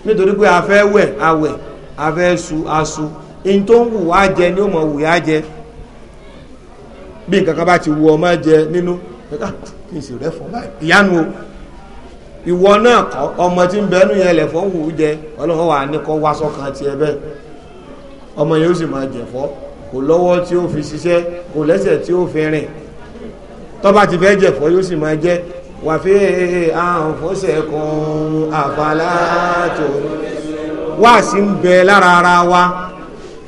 nítorí pé a fẹ́ wẹ̀ a wẹ̀ a fẹ́ su a su èyí tó ń wù wá jẹ ni ó mọ̀ wù yá jẹ bí nǹkan kan ti wù jẹ nínú ah, ìwọ náà kọ́ ọmọ tí ń bẹnu yẹn lẹ̀fọ́ wù ú jẹ ọlọ́run wà ní kọ́ wáṣọ kan tiẹ̀ bẹ́ẹ̀ ọmọ yẹn ó sì máa jẹ̀fọ́ kò lọ́wọ́ tí ó fi ṣiṣẹ́ kò lẹ́sẹ̀ tí ó fi rìn tọ́ba ti fẹ́ jẹ̀fọ́ yóò sì máa jẹ́ wàfẹ́ àǹfọ́sẹ̀kùn àfàlàtò wá sí ń bẹ lára ara wa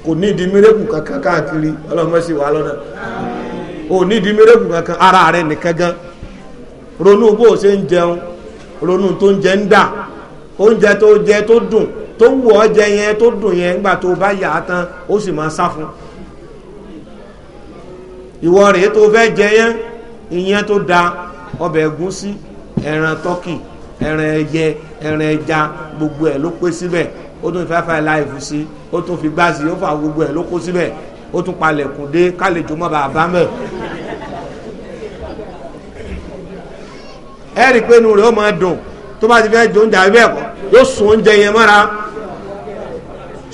kò nídìí mérekù kankan káàkiri ọlọ́mọ sì wà lọ́nà ò nídìí mérekù kankan ara rẹ̀ nìkan gan ronú bó o ṣe ń jẹun ronú tó ń jẹ ń dà oúnjẹ tó jẹ tó dùn tó wù ọ́ jẹ yẹn tó dùn yẹn nígbà tó bá yà á tán ó sì máa sá fún ìwọ rèé tó fẹ́ jẹ yẹn ìyẹn tó da ọbẹ̀ ẹ̀gúsí ẹran tọ́kì ẹran ẹyẹ ẹran ẹja gbogbo ẹ̀ ló pé síbẹ̀ ó tún fi fáfáì láìfù sí ó tún fi gbá sí ó fà gbogbo ẹ̀ ló kó síbẹ̀ ó tún palẹ̀kùn dé kálejò mọ́ bàbá mẹ́ ẹ rí i pé inú rẹ̀ ó máa dùn tó bá ti fẹ́ dùn dàbí bẹ́ẹ̀ kọ́ yóò sùn oúnjẹ yẹn mọ́ra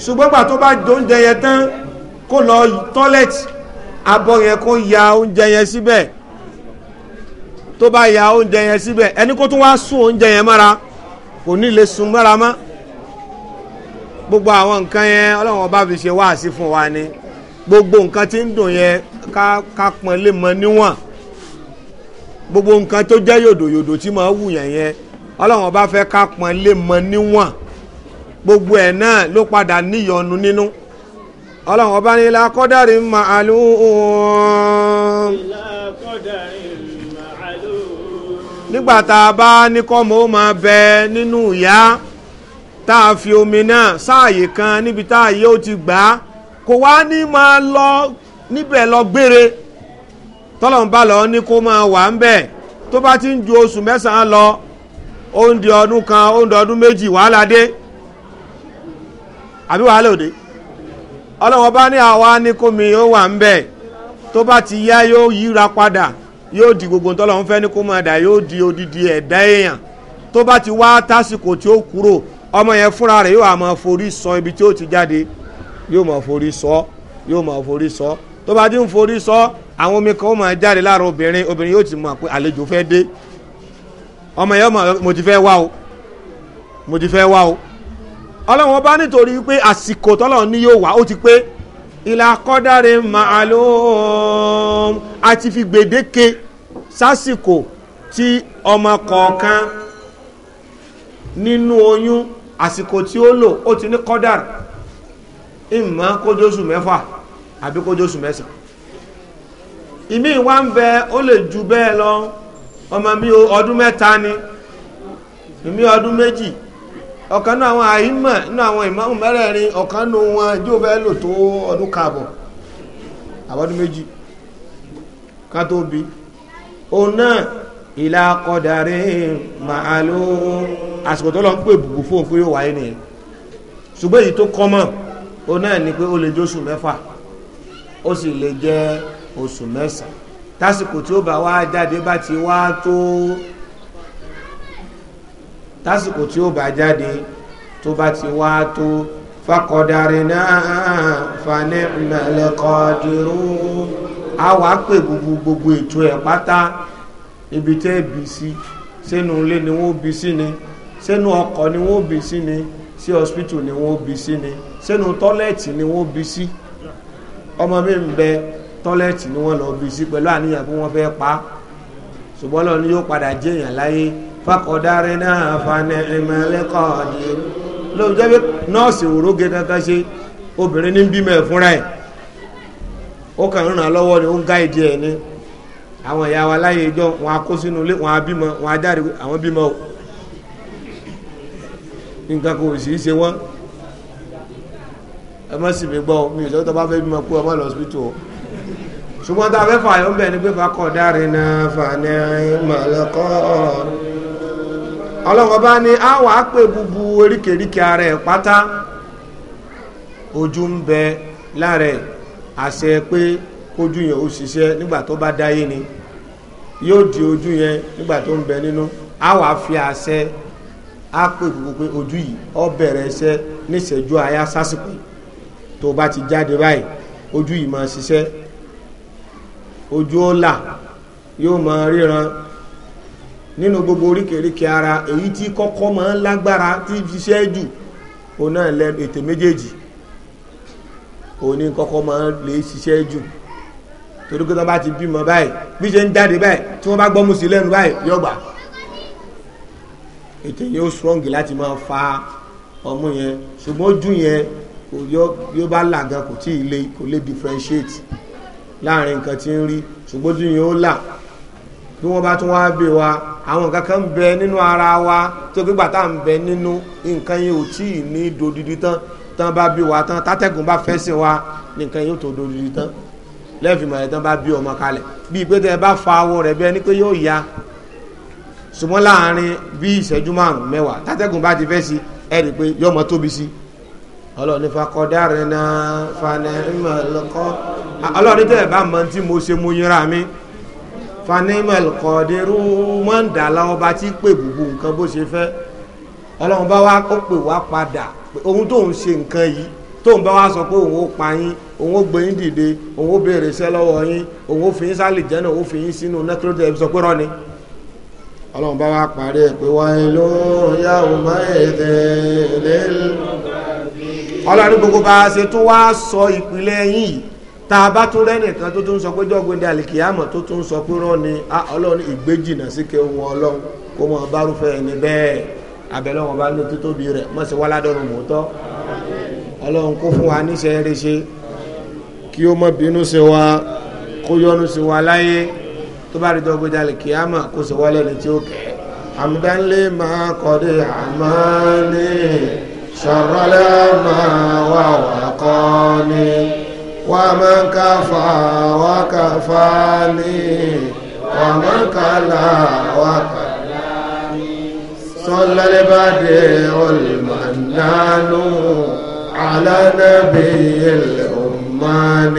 ṣùgbọ́n gbà tó bá dùn oúnjẹ yẹn tán kó lọ tọ́lẹ̀tì abọ́ yẹn kó ya oúnjẹ yẹn síbẹ̀ tó bá ya oúnjẹ yẹn síbẹ̀ ẹni kó tún wá sùn oúnjẹ yẹn mọ́ra kò ní lè sùn mọ́ra mọ́ gbogbo àwọn nǹkan yẹn ọlọ́run ọba fi ṣe wáàsí fún wa ni gbogbo nǹkan tí ń dùn yẹn ká ká pọ́n mọ níwọ̀n. gbogbo nǹkan tó jẹ́ yòdòyòdò tí máa wù yẹn yẹn ọlọ́run bá fẹ́ ká pọn lé mọ níwọ̀n gbogbo ẹ̀ náà ló padà níyọnu nínú ọlọ́run ọba ní ilá kọ́dárì màálùún. nígbà tá a bá ní kọ́mọ ó máa bẹ nínú ìyá tá a fi omi náà sáàyè kan níbi tá a yẹ ó ti gbà á kò wá ní máa lọ níbẹ̀ lọ gbére. tọ́lọ̀nba lọ ní kó máa wà ń bẹ̀ tó bá ti ń ju oṣù mẹ́sàn-án lọ ó ọdún kan ó ń di ọdún méjì wàhálà dé àbí wàhálà òde ọlọ́wọ́n bá ní àwa ní kó mi ó wà ń bẹ̀ tó bá ti yá yóò yíra padà yóò di gbogbo tọ́lọ̀ ń fẹ́ ní kó máa dà yóò di odidi ẹ̀dá èèyàn tó bá ti wá tásìkò tí ó kúrò ọmọ yẹn fúnra rẹ̀ yóò àmọ́ forí sọ ibi tí ó ti jáde yóò máa forí sọ yóò máa forí sọ tó bá ti ń forí sọ àwọn omi kan ó máa jáde láàárọ̀ obìnrin obìnrin yóò ti mọ̀ pé àlejò fẹ́ dé ọmọ yẹn mọ̀ mo ti fẹ́ wá o mo ti fẹ́ wá o ọlọ́run ọba nítorí pé àsìkò tọ́lọ́run ní yóò wá ó ti pé ìlà kọ́dáre màálùm àti fi gbèdéke sásìkò tí ọmọ kọ̀ọ̀kan nínú oyún àsìkò tí ó lò ó ti ní kọ́dàr ìmọ̀ kójósù mẹ́fà àbí kójósù mẹ́sàn-án ìmí wá ń bẹ ó lè ju bẹ́ẹ̀ lọ ọmọ bí ọdún mẹ́ta ni ìmí ọdún méjì ọ̀kan náà àwọn àyímọ̀ nínú àwọn ìmáàmù mẹ́rẹ̀ẹ̀rin ọ̀kan nù wọn yóò fẹ́ lò tó ọdún kààbọ̀ àbọ̀dún méjì ká tó bí òun náà ìlà kọ̀dàrí màálù àsìkò tó lọ ń pè bùbù fóun pé yóò wáyé nìyẹn ṣùgbọ́n èyí tó kọ́ mọ̀ òun náà ni pé ó lè jóṣù mẹ́fà ó sì lè jẹ́ oṣù mẹ́sàn-án tásìkò tí ó bá wá jáde bá ti wá tó tásìkò tí ó bá jáde tó bá ti wá tó fakọ̀dàrínà fanimẹ̀lẹ́kọ̀dìrú a wàá pè gbogbo gbogbo ètò ẹ̀ pátá ibi tẹ́ ẹ̀ sí sínú ilé ni wọ́n bì sí ni sínú ọkọ̀ ni wọ́n bì sí ni sí hospital ni wọ́n bì sí ni sínú tọ́lẹ̀tì ni wọ́n bì sí ọmọ mi ń bẹ tọ́lẹ̀tì ni wọ́n lọ bí sí pẹ̀lú àníyàn pé wọ́n fẹ́ pa á ṣùgbọ́n lọ́ni yóò padà jẹ́ èèyàn láyé fàkọ̀dáre náà fanẹ ìmọ̀lẹ́kọ̀ ni lóun jẹ́ pé nọ́ọ̀sì òróge kankan ṣe obìnrin ní bímọ ẹ̀ fúnra ẹ̀ ó kàn ń ràn lọ́wọ́ ni ó ń gá ìdí ẹ̀ ni àwọn ìyá wa láyé ìjọ wọn akó sínú ilé wọn abímọ wọn ajáde àwọn bímọ o nǹkan kò sì í ṣe wọ́n ẹ má sì mí gbọ́ mi ìṣòro tó bá fẹ́ bímọ kú ọmọ lọ́sibítù o. ṣùgbọ́n tá a fẹ́ fààyọ ń bẹ̀ ni pé fakọ̀dáre náà fàní ìmọ̀lẹ́kọ́ ọlọ́wọ́ bá ní á wà á pè bubu oríkèríkè ara ẹ̀ pátá ojú ń bẹ àṣẹ pé kójú yẹn ó ṣiṣẹ́ nígbà ni yóò di ojú yẹn nígbà tó ń bẹ nínú á wà á fi àṣẹ á pè bubu pé ojú yìí ó bẹ̀rẹ̀ níṣẹ́jú sásìkò tó bá ti ojú ó là yóò mọ ríran nínú gbogbo oríkèéríkèé ara èyí tí kọ́kọ́ máa ń lágbára tí ṣiṣẹ́ jù òun náà lẹ ètè méjèèjì òun ní kọ́kọ́ máa ń lè ṣiṣẹ́ jù torí pé tó bá ti bímọ báyìí bí ṣe ń jáde báyìí tí wọ́n bá gbọ́ mú sí lẹ́nu báyìí yóò gbà ètè yóò strong láti máa fa ọmú yẹn ṣùgbọ́n ojú yẹn kò yọ bí ó bá làgàn kò tí ì lè kò lè differentiate láàrin nǹkan tí ń rí ṣùgbọ́n tí yóò là bí wọ́n bá tún wá bè wa àwọn nǹkan kan ń bẹ nínú ara wa tó gbégbà tá à ń bẹ nínú nǹkan yìí ò tí ì ní dodidi tán tán bá bí wa tán tátẹ́gùn bá fẹ́ sí wa nǹkan yìí tó dodidi tán lẹ́ẹ̀fìmọ̀ rẹ̀ tán bá bí ọmọ kalẹ̀ bíi pé tẹ́ ẹ bá fa awọ rẹ̀ bẹ́ẹ̀ ni pé yóò ya ṣùgbọ́n láàrin bí ìṣẹ́jú márùn-ún mẹ́wàá tátẹ́gùn bá ti fẹ́ sí ẹ rí i pé yọmọ tóbi sí ọlọ́ọ̀ni fakọ́dá rẹ̀ náà fanẹ́ ìmọ̀ ọlọ́run tẹ́ ẹ̀ bá mọ tí mo ṣe mo yinra mi fanimel kọ́ọ̀dẹ́rú mọ́ndàlá ọba tí pè gbogbo nǹkan bó ṣe fẹ́ ọlọ́run bá wá ó pè wá padà ohun tóun ṣe nǹkan yìí tóun bá wá sọ pé òun ó pa yín òun ó gbé yín dìde òun ó béèrè iṣẹ́ lọ́wọ́ yín òun ó fi yín sálì jẹ́nà òun ó fi yín sínú nẹ́kírọ́tẹ̀ ẹ̀ sọ pé rọ́ni ọlọ́run bá wá parí ẹ̀ pé wáyé ló yá òmá èdè lélẹ̀ ọlọ́run gbogbo bá a ṣe tún wá sọ ìpìlẹ̀ yín yìí tá a bá tún rẹ́nìkan tó tún sọ pé jọ́gbọ́n di àlìkìyàmọ̀ tó tún sọ pé rán ni ọlọ́run ìgbéjìnà sí kí wọn ọlọ́run kó mọ bárúfẹ́ ẹni bẹ́ẹ̀ abẹ́lẹ́ wọn bá ní títóbi rẹ̀ mọ̀ sí wàládọ́rùn mọ́tọ́ ọlọ́run kó fún wa níṣẹ́ rẹ̀ ṣe kí ó má bínú sí wa kó yọ́nú sí wa láyé tó bá rí jọ́gbọ́n àlìkìyàmọ̀ kó sì wọlé ẹni tí ó kẹ́ àmúdánilé máa kọ́ dé àmọ́ máa wà wà kọ́ ní. ومن كفى وكفاني ومن كلا وكلاني صلى البديع المنان على نبي الأمان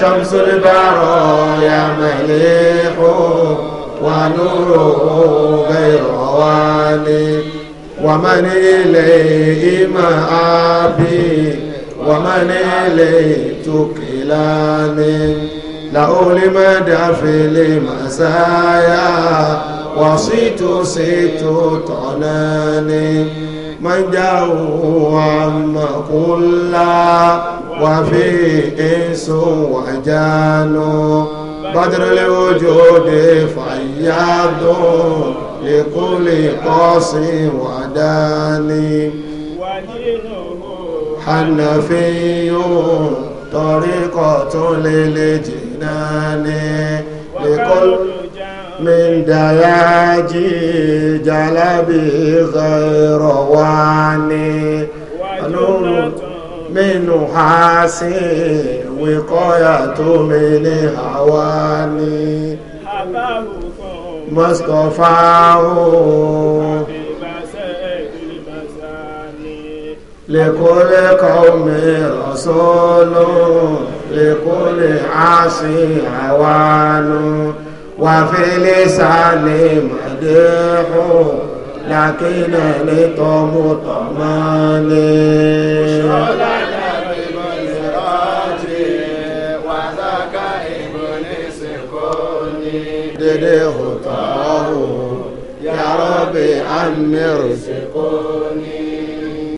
شمس البرايا مليح ونوره غير واني ومن إليه مآبي ومن إليه تكلان له لمدى في المسايا وصيت صيت طنان من جاءوا عم كلا وفي إنس وجان بدر الوجود فياض لكل قاص وداني ودين حنفي طريقة للجنان لكل من دياجي جلبي غير واني ونور من حاسي وقاية من هواني مصطفاه لكل قوم رسول لكل عاصي عوان وفي لساني مديح لكن لطمطمان دده طاه يا ربي أمر سكوني